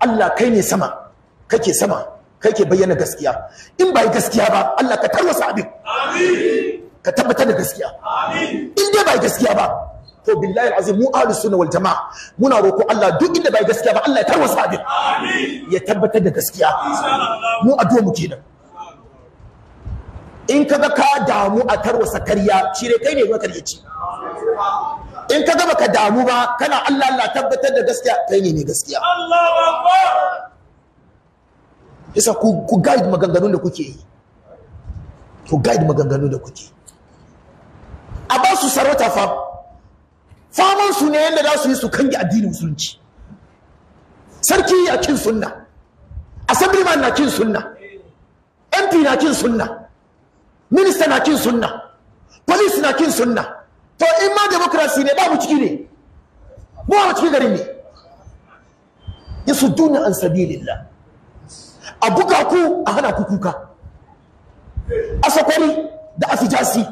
Allah kai ne sama kake sama kake bayyana gaskiya in ba gaskiya ba Allah ka tarwasa abin amin ka tabbatar da gaskiya amin in dai ba gaskiya ba to billahi alazim mu ahli sunna wal jamaa muna roko Allah duk inda bai gaskiya ba Allah ya tarwasa abin ya tabbatar da gaskiya mu addu'a mu kenan in kaga ka damu a tarwasa karya cire kai ne ba karyaci in kaga baka damu ba kana Allah Allah tabbatar da gaskiya kai ne ne gaskiya Allahu akbar isa ku ku guide maganganun da kuke yi ku guide maganganun da kuke a ba su sarauta fa faman su ne yadda za su yi su kange addinin musulunci sarki a kin sunna ma na kin sunna mp na kin sunna minista na kin sunna police na kin sunna to in ma democracy ne mu ciki ne mu a cikin garin ne duniya an sabilillah a buga ku a hana ku kuka a sakwari da afijasi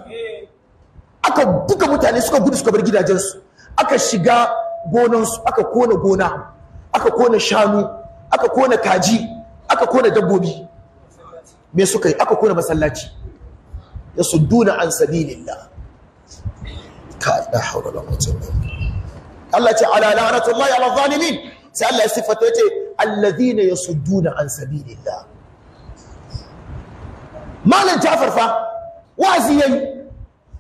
aka buga mutane suka gudu suka bar gidajensu aka shiga gonansu aka kona gona aka kona shanu aka kona kaji aka kona dabbobi me suka yi aka kona masallaci ya sudduna an sabilillah ka la hawla wala quwwata illa billah Allah ce ala la'natullahi ala zalimin sai Allah ya sifata yace alladhina yasudduna an sabilillah malam Jafar fa wazi yayi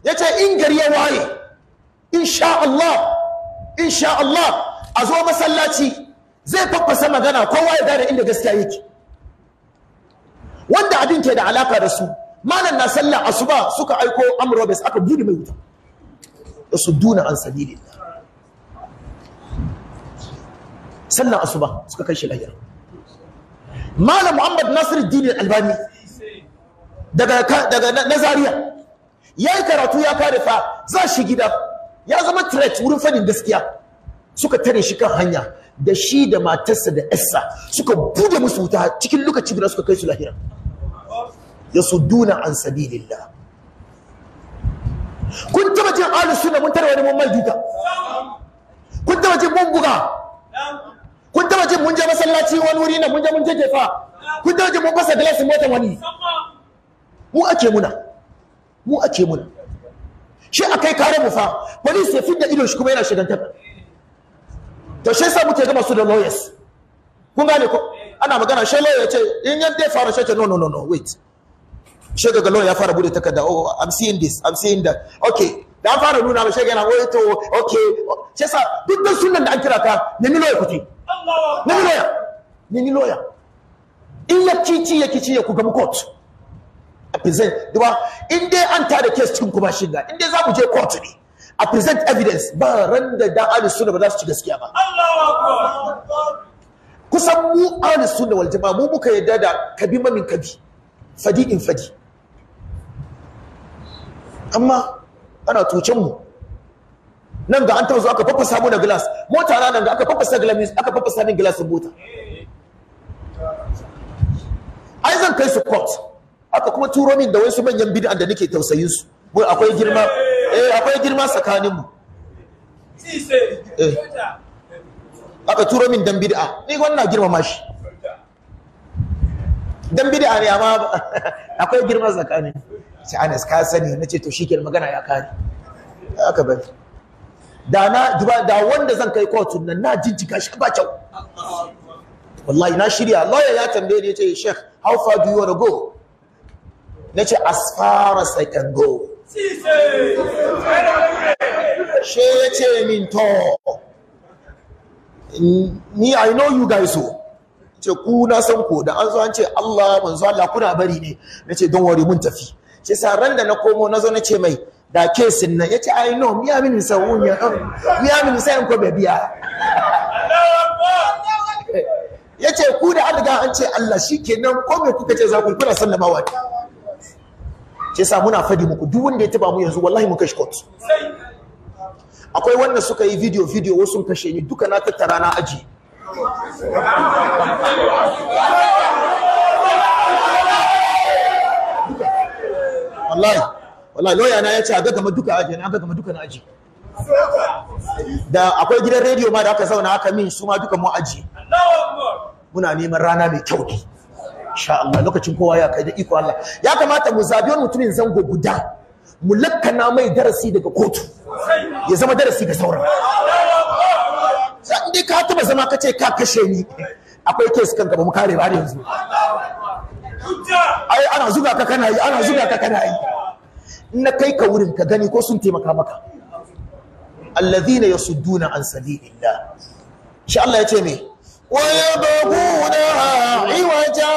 yace in gari ya waye insha Allah insha Allah a zo masallaci zai faffasa magana kowa ya gane inda gaskiya yake wanda abin ke da alaka da su malam na sallah asuba suka aiko amr robes aka bude mai wuta su duna an sabilillah sallah asuba suka kai shi lahira malam muhammad nasiruddin albani daga daga nazariya yayi karatu ya fara fa za shi gida ya zama threat wurin fadin gaskiya suka tare shi kan hanya da shi da matarsa da essa suka bude musu wuta cikin lokaci guda suka kai su lahira yasudduna an sabilillah kun taba jin ahlus sunna mun tare wani mun mai duka kun taba jin mun buga kun taba jin mun je masallaci wani wuri na mun je mun je fa kun taba jin mun fasa glass mota wani mu ake muna mu ake muna shi a kai kare mu fa police ya fidda ido shi kuma yana shigantar to shi yasa muke gama su da lawyers kun gane ko ana magana shi lawyer ya ce in yadda ya fara shi no no no no wait shi daga lawyer ya fara bude takarda oh i'm seeing this i'm seeing that okay da an fara nuna mashi yana wait to oh, okay shi yasa duk da sunan da an kira ka ni lawyer ne nemi lawyer ni lawyer in ya kici ya kici ya ku gamu court a present duba in dai an ta da case cikin kuma shiga in dai za mu je court ne a present evidence ba ran da dan ahlus sunna ba za su ci gaskiya ba kusan mu ahlus sunna wal jamaa mu muka yadda da kabi mamin kabi fadi in fadi amma ana tucen mu nan ga an tazo aka fafasa mu da glass mota na nan ga aka fafasa glass aka fafasa min glass mota ai zan kai su court aka kuma turo min da wasu manyan bid'an da nake tausayin su mun akwai girma eh akwai girma tsakanin mu eh aka turo min dan bid'a ni wannan girma ma shi dan bid'a ne amma [LAUGHS] akwai girma tsakanin sai Anas ka sani nace to shikenan magana ya kare aka bari da na da wanda zan kai kotun nan na jinjika shi ba kyau wallahi na shirya lawyer ya tambaye ni yace sheikh how far do you want to go na ce as far as I can go she ya ce min to ni I know you guys so ce ku na san ko da an zo an ce Allah manzo Allah kuna bari ne na ce don wari mun tafi ce ran da na komo na zo na ce mai da sin nan ya ce I know me amin sai un ya me amin sai ko biya ya ce ku da an riga an ce Allah shikenan ko me kuka ce za ku kuna sallamawa shi yasa muna fadi muku duk wanda ya taba mu yanzu wallahi mun kashi court akwai wanda suka yi video video wasu kashe ni duka na tattara na aji wallahi wallahi lawyer na yace a ga gama duka aji na ga gama duka na aji da akwai gidan radio ma da aka zauna aka min su ma duka mu aji muna neman rana mai kyau ne insha Allah lokacin kowa ya kai da iko Allah ya kamata mu zabi wani mutumin zango guda mu lakkana mai darasi daga kotu ya zama darasi ga sauran sai ka taba zama ka ce ka kashe ni akwai kes kan gaba mu kare ba yanzu ai ana zuga ka kana yi ana zuga ka kana yi in na kai ka wurin ka gani ko sun taimaka maka alladhina yasudduna an sabilillah shi Allah ya ce me ويبغونها عوجا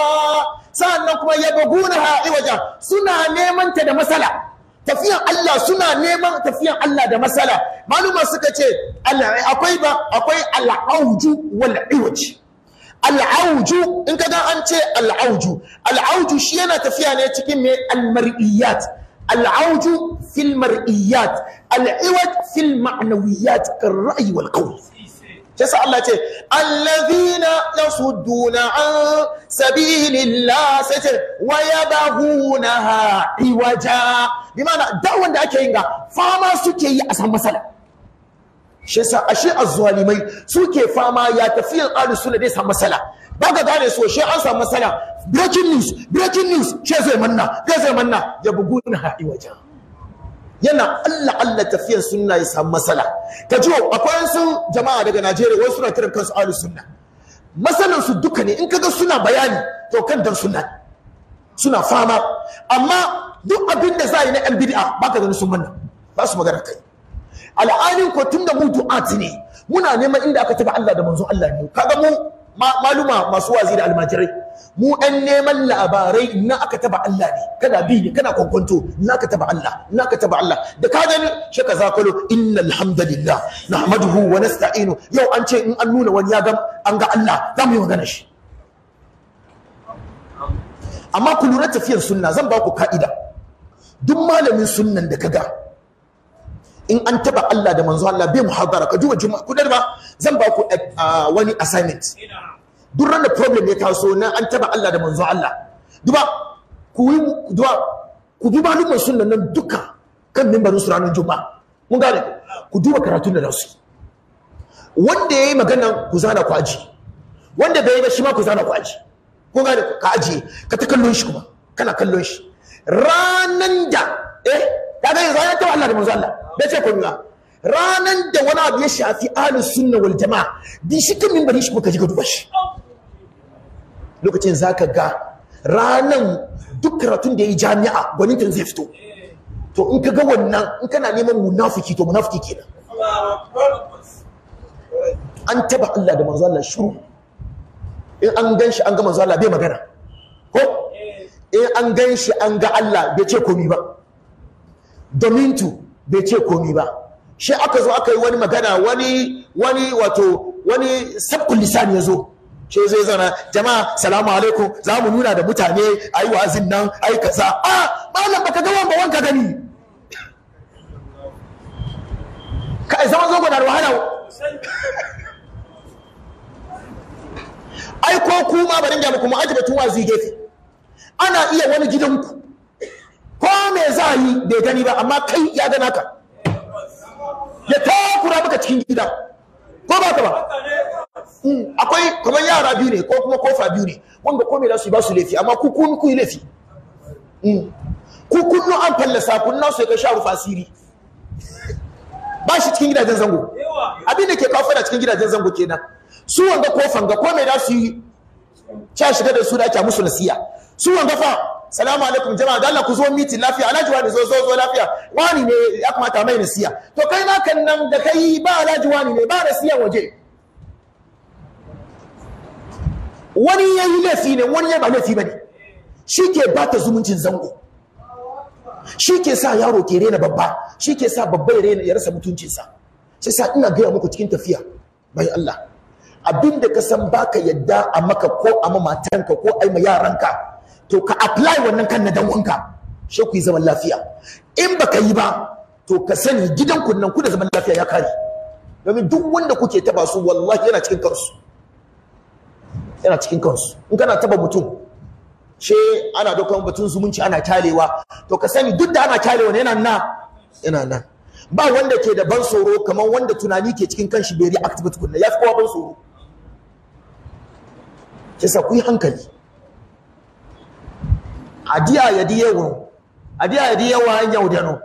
sannan kuma ya yabghunaha iwaja suna neman ta da matsala. tafiyan Allah suna neman tafiyan Allah da masala maluma suka ce akwai ba akwai al'auju wal iwaji al'auju in ka gan an ce al'auju al'auju shi yana tafiya ne cikin me al-mar'iyat al'auju fil mar'iyat al'iwaj fil ma'nawiyat kan ra'yi wal qawl shi yasa Allah ce allazina yasudduna an sabilillah sai ce wa yabghunaha iwaja bi ma'ana da wanda ake yin ga fama suke yi a san masala shi yasa ashe azzalimai suke fama ya tafiyan ahlus sunna dai san masala baka gane so shi an san masala breaking news breaking news shi zai manna zai manna yabghunaha iwaja yana Allah Allah tafiyan sunna ya samu matsala ka ji akwai sun jama'a daga Najeriya wai suna kiran kansu ahlus sunna masalan su duka ne in ka ga suna bayani to kan dan sunna suna fama amma duk abin da za yi na yan bid'a baka ganin sun manna ba su magana kai al'adun ko tunda mu du'ati ne muna neman inda aka taba Allah da manzon Allah ne kaga mu maluma masu wazi da almajirai mu ɗan neman labarai na aka taba Allah ne kana bi ne kana kwankwanto na aka taba Allah na aka taba Allah da ka gani shi ka zakalo inna alhamdulillah nahmaduhu wa nasta'inu yau an ce in an nuna wani ya ga an ga Allah za mu yi magana shi amma ku lura tafiyar sunna zan ba ku ka'ida duk malamin sunnan da ka ga in an taba Allah da manzo Allah bai muhadara ka duba juma'a ku ba zan ba ku eh, ah, wani assignment duk ran da problem ya taso na an taba Allah da manzo Allah duba ku yi duba ku duba mai sunna nan duka kan mimbarin su ranar juma'a mun gane ku duba karatun da nasu wanda yayi magana ku zana ku aji wanda bai ba shi ma ku zana ku aji kun gane ka aji ka ta kallon shi kuma kana kallon shi ranan da eh kaga yanzu ya taba Allah da manzo Allah bai ce komai ranan da wani abu ya shafi ahlus sunna wal jamaa bi shi kan bari shi ko ji ka duba shi lokacin zaka ga ranan duk karatun da yi jami'a gwanintin zai fito to in ka ga wannan in kana neman munafiki to munafiki kenan an taba Allah da manzo Allah shiru in an gan shi an ga manzo Allah bai magana ko in an gan shi an ga Allah bai ce komai ba domin tu bai ce komi ba shi aka zo aka yi wani magana wani wani wato wani sabkun lisan ya zo shi zai zana jama'a salamu alaikum za mu nuna da mutane a yi wa'azin nan a yi kaza a malam baka ga wanda wanka gani kai zama zo gwada wahala ai ko kuma bari ga muku mu ajiye batun wazi gefe ana iya wani gidanku ko me za yi bai gani ba amma kai ya gana ka ya takura maka cikin gida ko ba ka ba mm, akwai kamar yara biyu ne ko kuma kofa biyu ne wanda ko me za su yi ba su laifi amma kukun ku yi laifi kukun mm. kunnu an fallasa na su ya kai sharu fasiri? ba shi cikin gidajen zango abin da ke kawo da cikin gidajen zango kenan su wanga kofan ga ko me za su yi cha shiga da su da ake musu nasiya su wanga fa salamu alaikum jama'a da Allah ku zo miti lafiya alhaji wani zo zo lafiya wani ne ya kamata mai nasiya to kai ma kan nan da kai ba alhaji wani ne ba nasiya waje wani ya yi laifi ne wani ya ba laifi ba ne shi ke ba ta zumuncin zango shi ke sa yaro ke rena babba shi ke sa babba ya rena ya rasa mutuncinsa sai sa ina gaya muku cikin tafiya bai Allah abinda ka san baka yadda a maka ko a mamatanka matanka ko ai ma yaranka to ka apply wannan kan na danwanka shi ku yi zaman lafiya in baka yi ba to ka sani gidan nan ku da zaman lafiya ya kare domin duk wanda kuke taba su wallahi yana cikin kansu yana cikin kansu in kana taba mutum she ana dokan batun zumunci ana kyalewa to ka sani duk da ana kyalewa yana nan yana nan ba wanda ke da ban tsoro kamar wanda tunani ke cikin kanshi bai react ba tukunna ya fi kowa ban tsoro kisa ku yi hankali ade a yɛde yɛ wɔn ade a yɛde yɛ wɔn anyɛ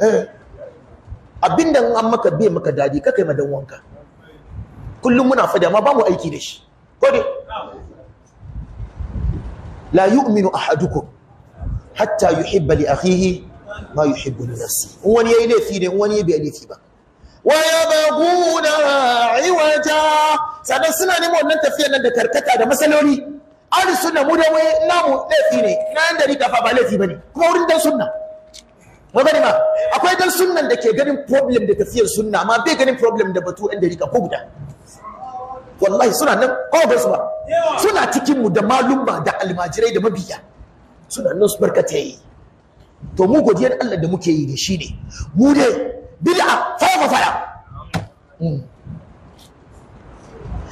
eh abin an maka bai maka dadi kaka yi madan wanka kullum muna fada amma ba mu aiki da shi ko dai la yu'minu ahadukum hatta yuhibba li akhihi ma yuhibbu li nafsi in wani yayi laifi ne in wani bai laifi ba wa yabghuna iwaja sanan suna neman wannan tafiyar nan da karkata da masaloli ahli sunna mu da wai namu laifi ne na yan dari kafa ba laifi bane kuma wurin dan sunna mu gani ma akwai dan sunnan da ke ganin problem da tafiyar sunna amma bai ganin problem da batu yan dari ko guda wallahi suna nan ko ba su ba suna cikin mu da malumma da almajirai da mabiya suna nan su yi to mu godiyar Allah da muke yi da shi ne mu dai bid'a fa fa hmm.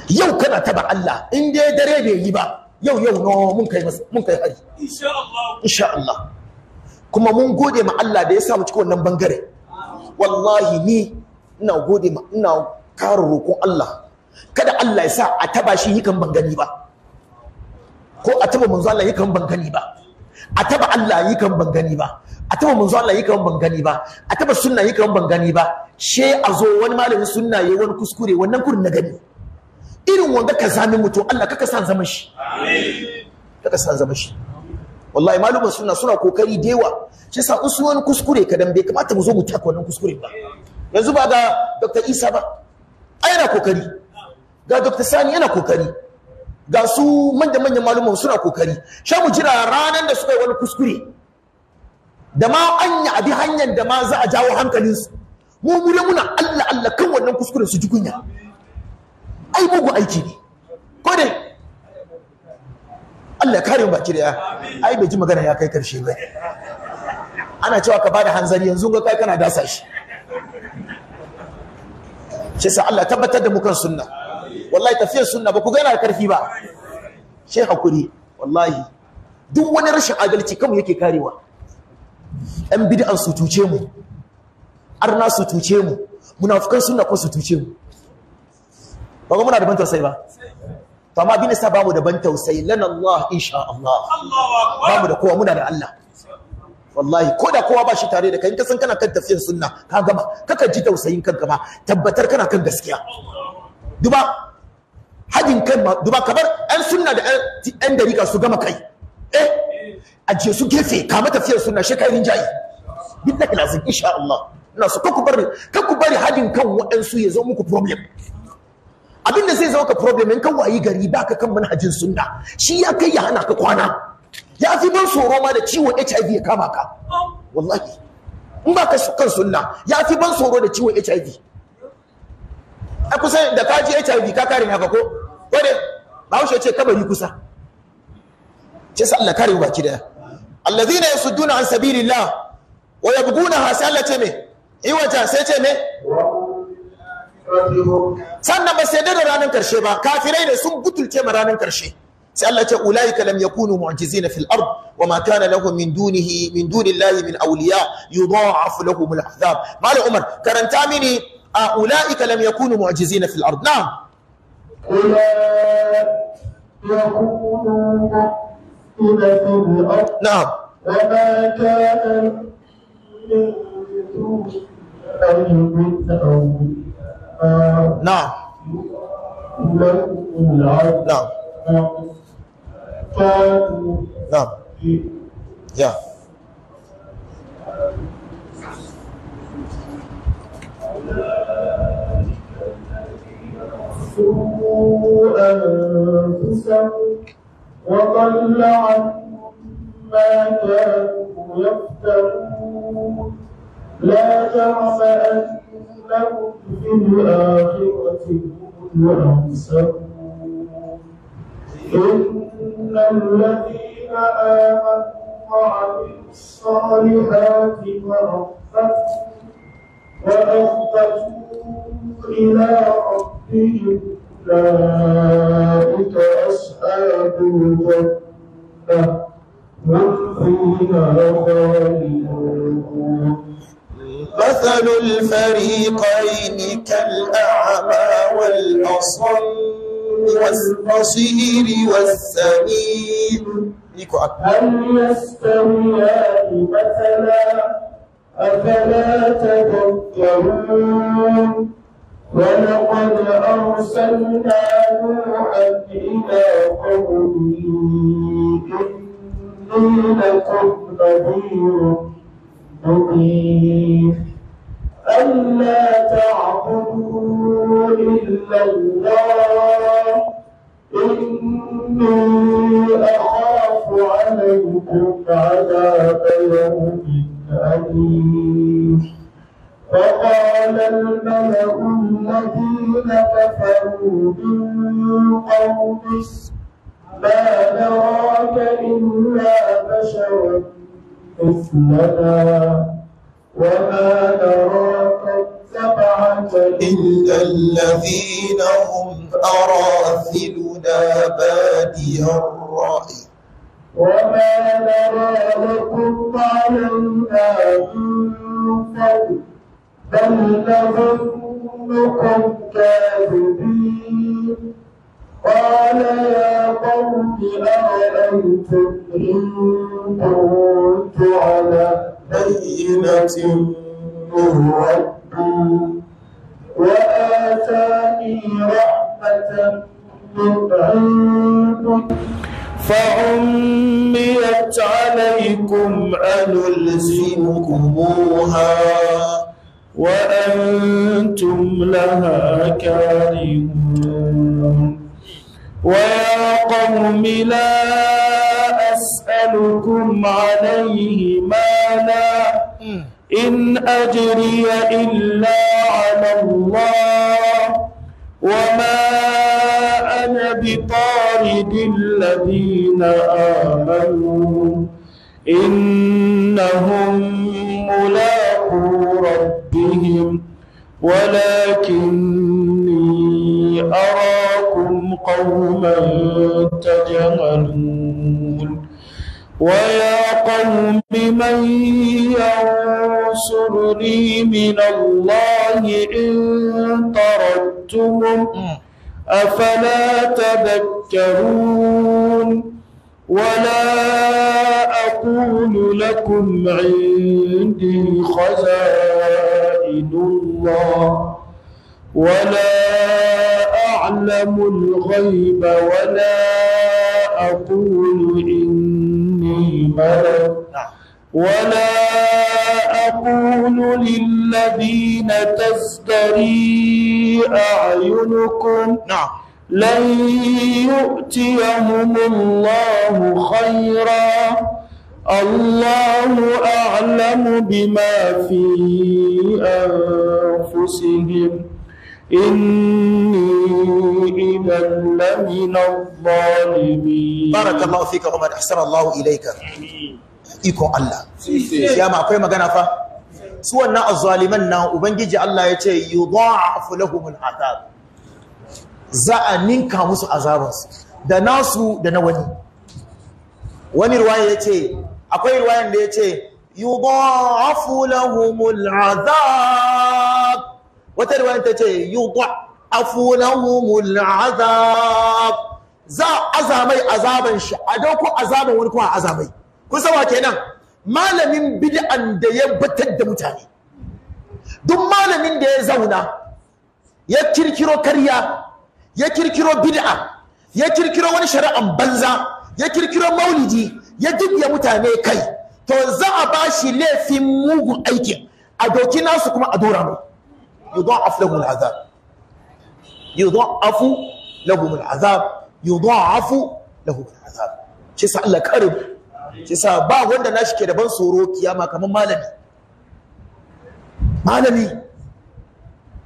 yau kana taba Allah in dai dare bai yi ba yau yau no mun kai mun kai hari insha Allah insha Allah kuma mun gode ma Allah da ya sa mu cikin wannan bangare wallahi ni ina gode ma ina kare roƙon Allah kada Allah ya sa a taba shi yakan bangani ba ko a taba manzo Allah yakan bangani ba a taba Allah yakan bangani ba a taba manzo Allah yakan bangani ba a taba sunna yakan bangani ba she a zo wani malamin sunna yayi wani kuskure wannan kurin na gani irin wanda ka sami mutum Allah kaka san zama shi kaka san zama shi wallahi malumin suna suna kokari da yawa shi yasa in wani kuskure kadan bai kamata mu zo mu taka wannan kuskure ba yanzu ba ga Dr. Isa ba ai yana kokari ga Dr. Sani yana kokari ga su manyan manyan malumin suna kokari sha mu jira ranan da suka yi wani kuskure da ma yi abi hanyar da ma za a jawo hankalinsu mu mure muna Allah Allah kan wannan kuskuren su ji kunya ai bugu aiki ne ko Allah ya kare mu baki da ai bai ji magana ya kai karshe ba ana cewa ka bada hanzari yanzu ga kai kana dasa shi shi sa Allah tabbatar da mukan kan sunna wallahi tafiyar sunna ba ku ga yana karfi ba shi hakuri wallahi duk wani rashin adalci kanmu yake karewa yan bid'an su tuce mu arna su tuce mu munafukan sunna ko su tuce mu ba muna da ban tausayi ba to amma abin da sa bamu da ban tausayi lan Allah insha Allah bamu da kowa muna da Allah wallahi ko da kowa ba shi tare da kai in ka san kana kan tafiyar sunna ka gama kaka ji tausayin kanka ma tabbatar kana kan gaskiya duba hajin kan ma duba kamar ɗan sunna da ɗan dariƙa su gama kai eh ajiye su gefe kama tafiyar sunna shi kai rinjaye billahi lazim insha Allah ina so ku bari ku bari hajin kan waɗansu ya zo muku problem abin da zai zama ka problem in kan wayi gari ba ka kan manhajin sunna shi ya kai ya hana ka kwana ya fi ban tsoro ma da ciwon HIV ya kama ka wallahi in ba ka kan sunna ya fi ban tsoro da ciwon HIV a kusa da ka ji HIV ka kare ka ko wani bahaushe ce kabari kusa ce sa Allah kare baki daya allazina yasudduna an sabilillah wa yabghuna hasala ce me iwaja sai ce me sannan ba sai da ranar karshe ba kafirai ne sun butulce ma ranar karshe sai Allah ce ulaika lam yakunu mu'jizina fil ard wa ma kana lahum min dunihi min dunillahi min awliya yudha'afu lahum al azab mal umar karanta mini a ulaika lam yakunu mu'jizina fil ard na'am نعم وما كان من أن يمنعهم نعم نعم نعم يا أنفسهم وضل عنهم ما كانوا يفترون لا جرم أن لهم في الآخرة هم إن الذين آمنوا وعملوا الصالحات وربطوا وأخبتوا إلى ربهم أولئك أصحاب الجنة هم فيها خالدون مثل الفريقين كالأعمى والأصم والبصير والسميع هل يستويان مثلا أفلا تذكرون ولقد أرسلنا نوحا إلى قومه إني لكم نذير مبين ألا تعبدوا إلا الله إني أخاف عليكم عذاب يوم أليم فقال الملأ الذين كفروا من قوم ما نراك إلا بشرا مثلنا وما تراكت سبعة إلا الذين هم أراثلنا بادي الرأي وما نرى لكم علينا من فضل بل نظنكم كاذبين قال يا قوم أرأيتم إن كنت على بينة من ربي وآتاني رحمة من عنده فعميت عليكم أنلزمكموها وأنتم لها كارهون ويا قوم لا أسألكم عليه مالا إن أجري إلا على الله وما أنا بطارد الذين آمنوا إنهم ملاقو ربهم ولكني أراكم قوما تجهلون ويا قوم من ينصرني من الله إن طردتهم أفلا تذكرون ولا أقول لكم عندي خزائن الله ولا أعلم الغيب ولا أقول إن ولا أقول للذين تزدري أعينكم نعم لن يؤتيهم الله خيرا الله أعلم بما في أنفسهم إني إذا لمن الظالمين بارك الله فيك عمر أحسن الله إليك ikon Allah ya ma akwai magana fa su wannan azzaliman nan ubangiji Allah ya ce yudha'afu lahumul azab za a ninka musu azabansu da nasu da na wani wani ruwaya ya ce akwai ruwayan da ya ce yudha'afu lahumul azab wata riwaya ta ce yi funan lahumul azab za azamai azaban shi a dauko azaban wani kuma azamai kun sawa kenan malamin bid'an da ya batar da mutane duk malamin da ya zauna ya kirkiro karya ya kirkiro bid'a ya kirkiro wani shari'an banza ya kirkiro maulidi ya jibya mutane kai to za a ba shi laifin mugun aikin a doki nasu kuma a dora mai يضاعف لهم العذاب يضاعف لهم العذاب يضاعف لهم العذاب shi yasa Allah karim shi yasa ba wanda nashi ke da ban tsoro kiyama kamar malami malami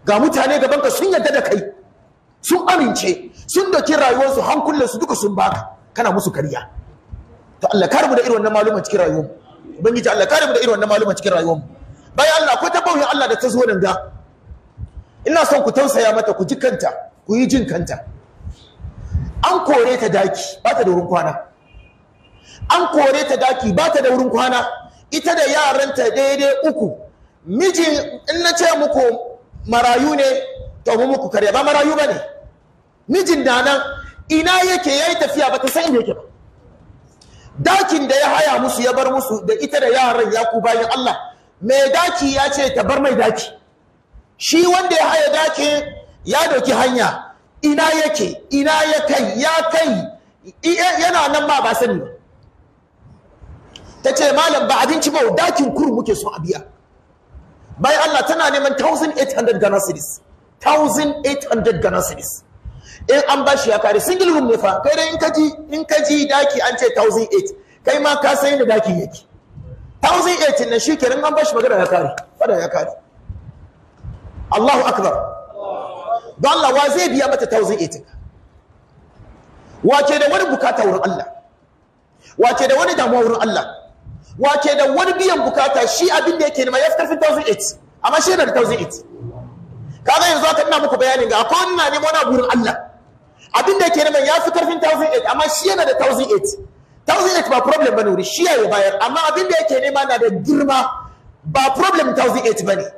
ga mutane gaban ka sun yadda da kai sun amince sun doki rayuwarsu hankulansu duka sun baka kana musu kariya to Allah karimu da irin wannan maluma cikin rayuwarmu ubangiji Allah karimu da irin wannan maluma cikin rayuwarmu bayan Allah akwai tabbawi Allah da ta zo nan ga ina son ku tausaya mata ku ji kanta ku yi jin kanta an kore ta daki ba ta da wurin kwana an kore ta daki ba ta da wurin kwana ita da yaranta daidai uku mijin in na ce muku marayu ne ta mu muku karya ba marayu ba ne mijin da nan ina yake ya yi tafiya ba ta san yake ba dakin da ya haya musu ya bar musu da ita da yaran ya ku bayan Allah mai daki ya ce ta bar mai daki shi wanda ya haya dakin ya doki hanya ina yake ina ya kai ya kai yana nan ma ba sani ba ta ce malam ba abinci ba dakin kuru muke son a biya bayan Allah tana neman 1800 Ghana cedis 1800 Ghana cedis in an ba shi ya kare single room ne fa kai dai in kaji in kaji daki an ce 1008 kai ma ka san yadda daki yake 1008 na shi kenan an ba shi magana ya kare fada ya kare Allahu akbar don Allah wa zai biya mata tauzin itin wace da wani bukata wurin Allah wace da wani damuwa wurin Allah wace da wani biyan bukata shi abin da yake nema ya fi karfin tauzin itin amma shi yana da tauzin Ka ga yanzu aka ina muku bayanin ga akwai wani na wani wurin Allah abin da yake nema ya fi karfin tauzin itin amma shi yana da tauzin itin thousand eight ba problem bane wuri shi ya yi bayar amma abin da yake nema na da girma ba problem thousand ba bane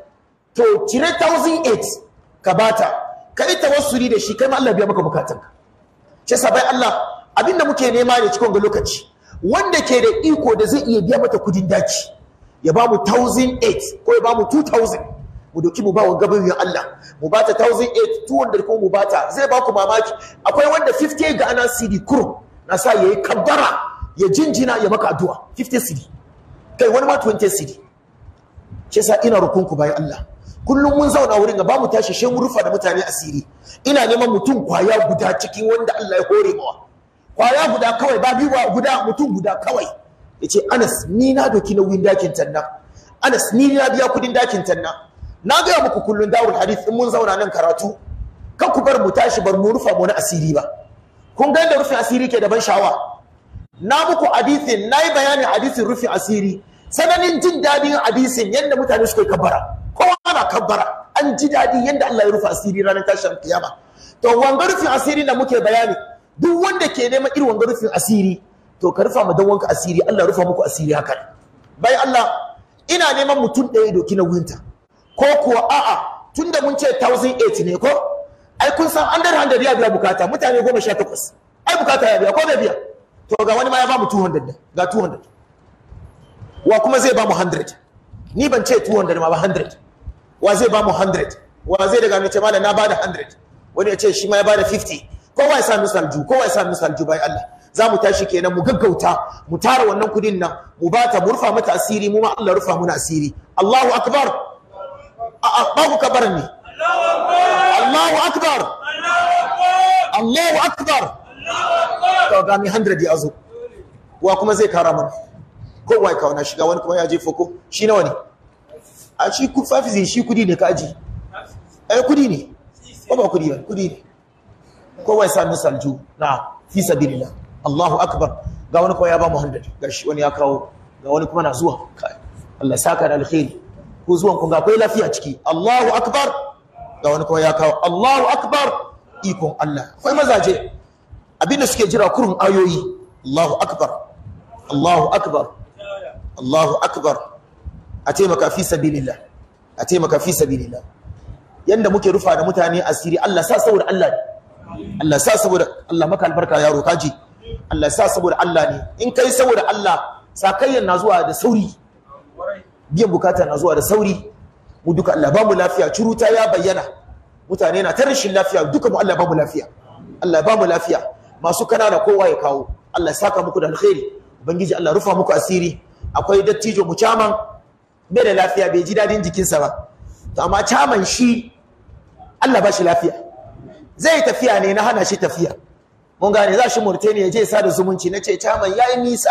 to cire 1008 ka bata ka yi tawassuli da shi kai ma Allah biya maka bukatanka shi ba bai Allah abinda muke nema ne cikin ga lokaci wanda ke da iko da zai iya biya mata kudin daki ya ba mu 1008 ko ya ba mu 2000 mu doki mu ba wa gabayin Allah mu ba ta 1008 200 ko mu ba ta zai ba ku mamaki akwai wanda 50 ga ana CD kuro na sa yayi kabbara ya jinjina ya maka addu'a 50 CD kai wani ma 20 CD shi yasa ina rukunku bayan Allah kullum mun zauna wurin ga bamu tashi shi mun rufa da mutane asiri ina neman mutum kwaya guda cikin wanda Allah ya hore mawa kwaya guda kawai ba guda mutum guda kawai yace Anas ni na doki nauyin dakin tanna Anas ni na biya kudin dakin tanna na ga muku kullun dawul hadith in mun zauna nan karatu kan ku bar mu tashi bar mu rufa mu na asiri ba kun ga da rufin asiri ke da ban sha'awa na muku hadisin nayi bayanin hadisin rufin asiri sananin jin dadin hadisin yadda mutane suka kabbara kowa na kabbara an ji daɗi yadda Allah ya rufe asiri ranar tashin kiyama to wanga rufin asiri da muke bayani duk wanda ke neman irin wanga rufin asiri to ka rufa ma wanka asiri Allah rufa muku asiri haka bai Allah ina neman mutum ɗaya doki na winta ko kuwa a'a tunda mun ce 1008 ne ko ai kun san under 100 ya biya bukata mutane goma sha takwas ai bukata ya biya ko bai biya to ga wani ma ya ba mu 200 ne ga 200 wa kuma zai ba mu 100 ni ban ce 200 ma ba 100 wa zai ba mu 100 wa zai daga mai ce malam na bada 100 wani ya ce shi ma ya bada 50 kowa ya sa sami salju kowa ya sa sami salju bai Allah za mu tashi kenan mu gaggauta mu tara wannan kudin nan mu ba ta mu rufa mata asiri mu ma Allah rufa muna asiri Allahu akbar ba ku kabar ne Allahu akbar Allahu akbar to ga mi 100 ya zo wa kuma zai kara mana kowa ya kawo na shiga wani kuma ya je foko shi nawa ne a shi ku fafizi shi kudi ne ka aji ai kudi ne ko ba kudi ba kudi ne ko wai sanu salju na fi sabilillah Allahu akbar ga wani kuma ya ba mu ga shi wani ya kawo ga wani kuma na zuwa Allah saka da alkhairi ko zuwan ku ga akwai lafiya ciki Allahu akbar ga wani kuma ya kawo Allahu akbar ikon Allah akwai mazaje abinda suke jira kurun ayoyi Allahu akbar Allahu akbar Allahu akbar a taimaka fi sabilillah a fi sabilillah yanda muke rufa da mutane asiri Allah sa saboda Allah ne Allah sa saboda Allah maka albarka yaro kaji Allah sa saboda Allah ne in kai saboda Allah sakayyan na zuwa da sauri biyan bukata na zuwa da sauri mu duka Allah ba mu lafiya curuta ya bayyana mutane na ta rashin lafiya duka mu Allah ba mu lafiya Allah ba mu lafiya masu kanana kowa ya kawo Allah saka muku da alkhairi ubangiji Allah rufa muku asiri akwai dattijo mu chairman bai da lafiya bai ji dadin jikinsa ba to amma caman shi Allah ba shi lafiya zai tafiya ne na hana shi tafiya mun gane za shi ya je sa da zumunci na ce caman yayi nisa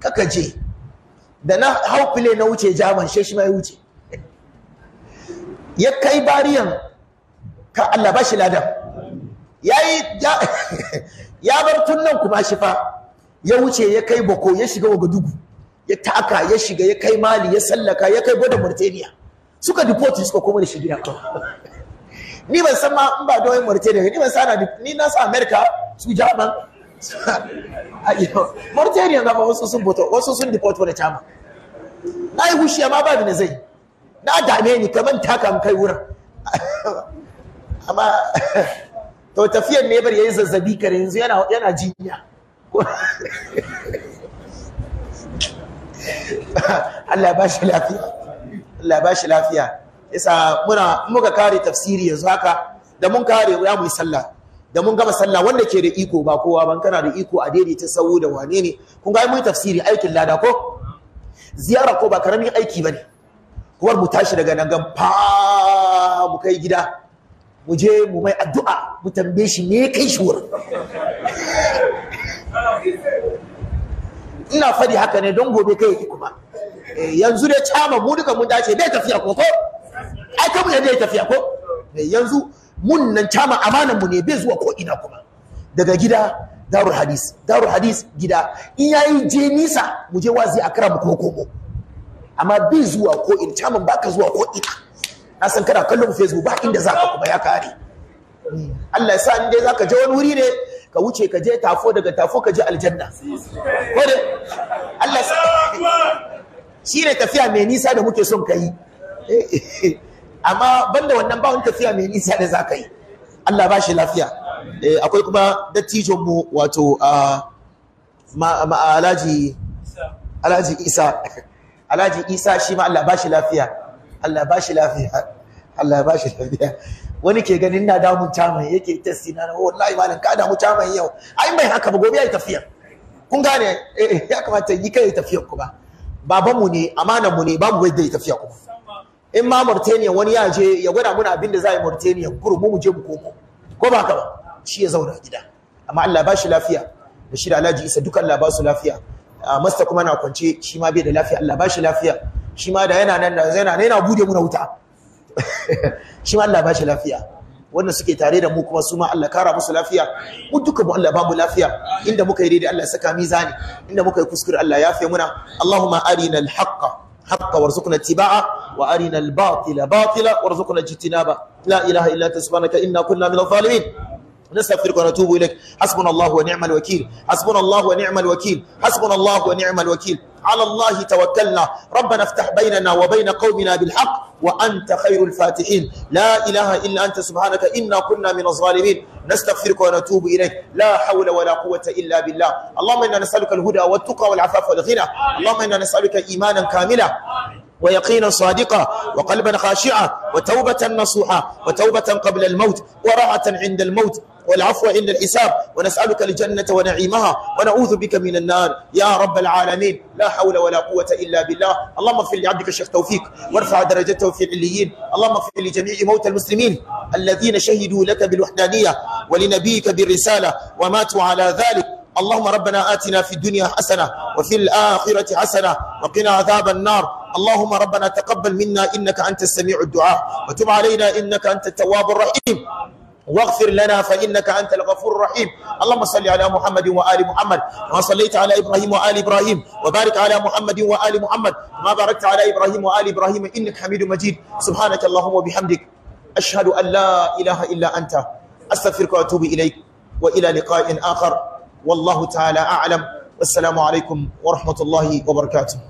kaka je da na hau file na wuce jaman shi shi ma ya wuce ya kai bariyan ka Allah ba shi ladan yayi [LAUGHS] ya bar tunnan kuma shi fa ya wuce ya kai bako ya shiga wagadugu ya taka ya shiga ya kai mali ya sallaka ya kai gwada Mauritania suka dipoti suka koma da shi gida [LAUGHS] ni ban san ma in ba doyin Mauritania ni ban san ni na sa America su Japan [LAUGHS] Mauritania na ba wasu sun boto wasu sun dipoti wani chama na yi hushi amma ba da zai na dame ni kaman taka kai wurin [LAUGHS] amma to tafiyar ne bar yayin zazzabi kare yanzu yana yana jinya [LAUGHS] Allah ba shi lafiya Allah ba shi lafiya isa muna muka kare tafsiri yanzu haka da mun kare ya mu sallah da mun gama sallah wanda ke da iko ba kowa ban kana da iko a daidaita sawu da wane ne kun ga mun tafsiri aikin lada ko ziyara ko ba karamin aiki bane kuwar mu tashi daga nan gan fa mu kai gida mu je mu mai addu'a mu tambaye shi me kai shi wurin [LAUGHS] ina fadi haka ne don gobe kai kuma eh, yanzu dai chama mu duka mun dace bai tafiya ko ko ai kamu ya dai tafiya ko eh, yanzu mun nan chama amanan mu ne bai zuwa ko ina kuma daga gida darul hadis darul hadis gida in yayi je nisa mu je wazi a kara mu ko ko amma bai zuwa ko in caman baka zuwa ko ina na san kana kallon facebook ba inda zaka kuma ya kare hmm. Allah ya sa in dai zaka je wani wuri ne ka wuce ka je tafo daga tafo ka je aljanna ko dai, Allah shi ne tafiya mai nisa da muke son ka yi eh, amma banda wannan ba wani tafiya mai nisa da za ka yi Allah ba shi lafiya eh, akwai kuma dattijon mu wato alaji alaji isa alaji isa shi ma Allah ba shi lafiya Allah ba shi lafiya Allah ba shi lafiya wani ke ganin na damun caman yake testi na wallahi malam ka damu caman yau ai mai haka ba gobe ai tafiya kun gane eh, eh, ya kamata yi kai tafiya ku ba baban mu ne amana mu ne babu wanda yi tafiya ku in ma Mauritania wani ya je ya gwada muna abin da za yi Mauritania kuru mu mu je mu komo ko ba ka ba shi ya zauna gida amma Allah ba shi lafiya da shi da Alhaji Isa dukan Allah ba su lafiya ah, masta kuma na kwance shi ma bai da lafiya Allah ba shi lafiya shi ma da yana nan da yana yana bude muna wuta [LAUGHS] shi ma Allah ba shi lafiya wanda suke tare da mu kuma su ma Allah kara musu lafiya mu duka mu Allah babu lafiya inda muka yi daidai Allah saka mizani inda muka yi kuskure Allah yafe muna Allahumma arina al-haqqa حقا وارزقنا اتباعه وارنا الباطل باطلا وارزقنا اجتنابه La ilaha illa انت سبحانك انا kunna من الظالمين نستغفرك ونتوب إليك حسبنا الله ونعم الوكيل حسبنا الله ونعم الوكيل حسبنا الله ونعم الوكيل على الله توكلنا ربنا افتح بيننا وبين قومنا بالحق وأنت خير الفاتحين لا إله إلا أنت سبحانك إنا كنا من الظالمين نستغفرك ونتوب إليك لا حول ولا قوة إلا بالله اللهم إنا نسألك الهدى والتقى والعفاف والغنى اللهم إنا نسألك إيمانا كاملا ويقينا صادقا وقلبا خاشعا وتوبة نصوحا وتوبة قبل الموت وراعة عند الموت والعفو إن الحساب ونسألك الجنة ونعيمها ونعوذ بك من النار يا رب العالمين لا حول ولا قوة إلا بالله اللهم اغفر لعبدك الشيخ توفيق وارفع درجته في العليين اللهم اغفر لجميع موتى المسلمين الذين شهدوا لك بالوحدانية ولنبيك بالرسالة وماتوا على ذلك اللهم ربنا آتنا في الدنيا حسنة وفي الآخرة حسنة وقنا عذاب النار اللهم ربنا تقبل منا إنك أنت السميع الدعاء وتب علينا إنك أنت التواب الرحيم واغفر لنا فإنك أنت الغفور الرحيم اللهم صل على محمد وآل محمد كما صليت على إبراهيم وآل إبراهيم وبارك على محمد وآل محمد كما باركت على إبراهيم وآل إبراهيم إنك حميد مجيد سبحانك اللهم وبحمدك أشهد أن لا إله إلا أنت أستغفرك وأتوب إليك وإلى لقاء آخر والله تعالى أعلم والسلام عليكم ورحمة الله وبركاته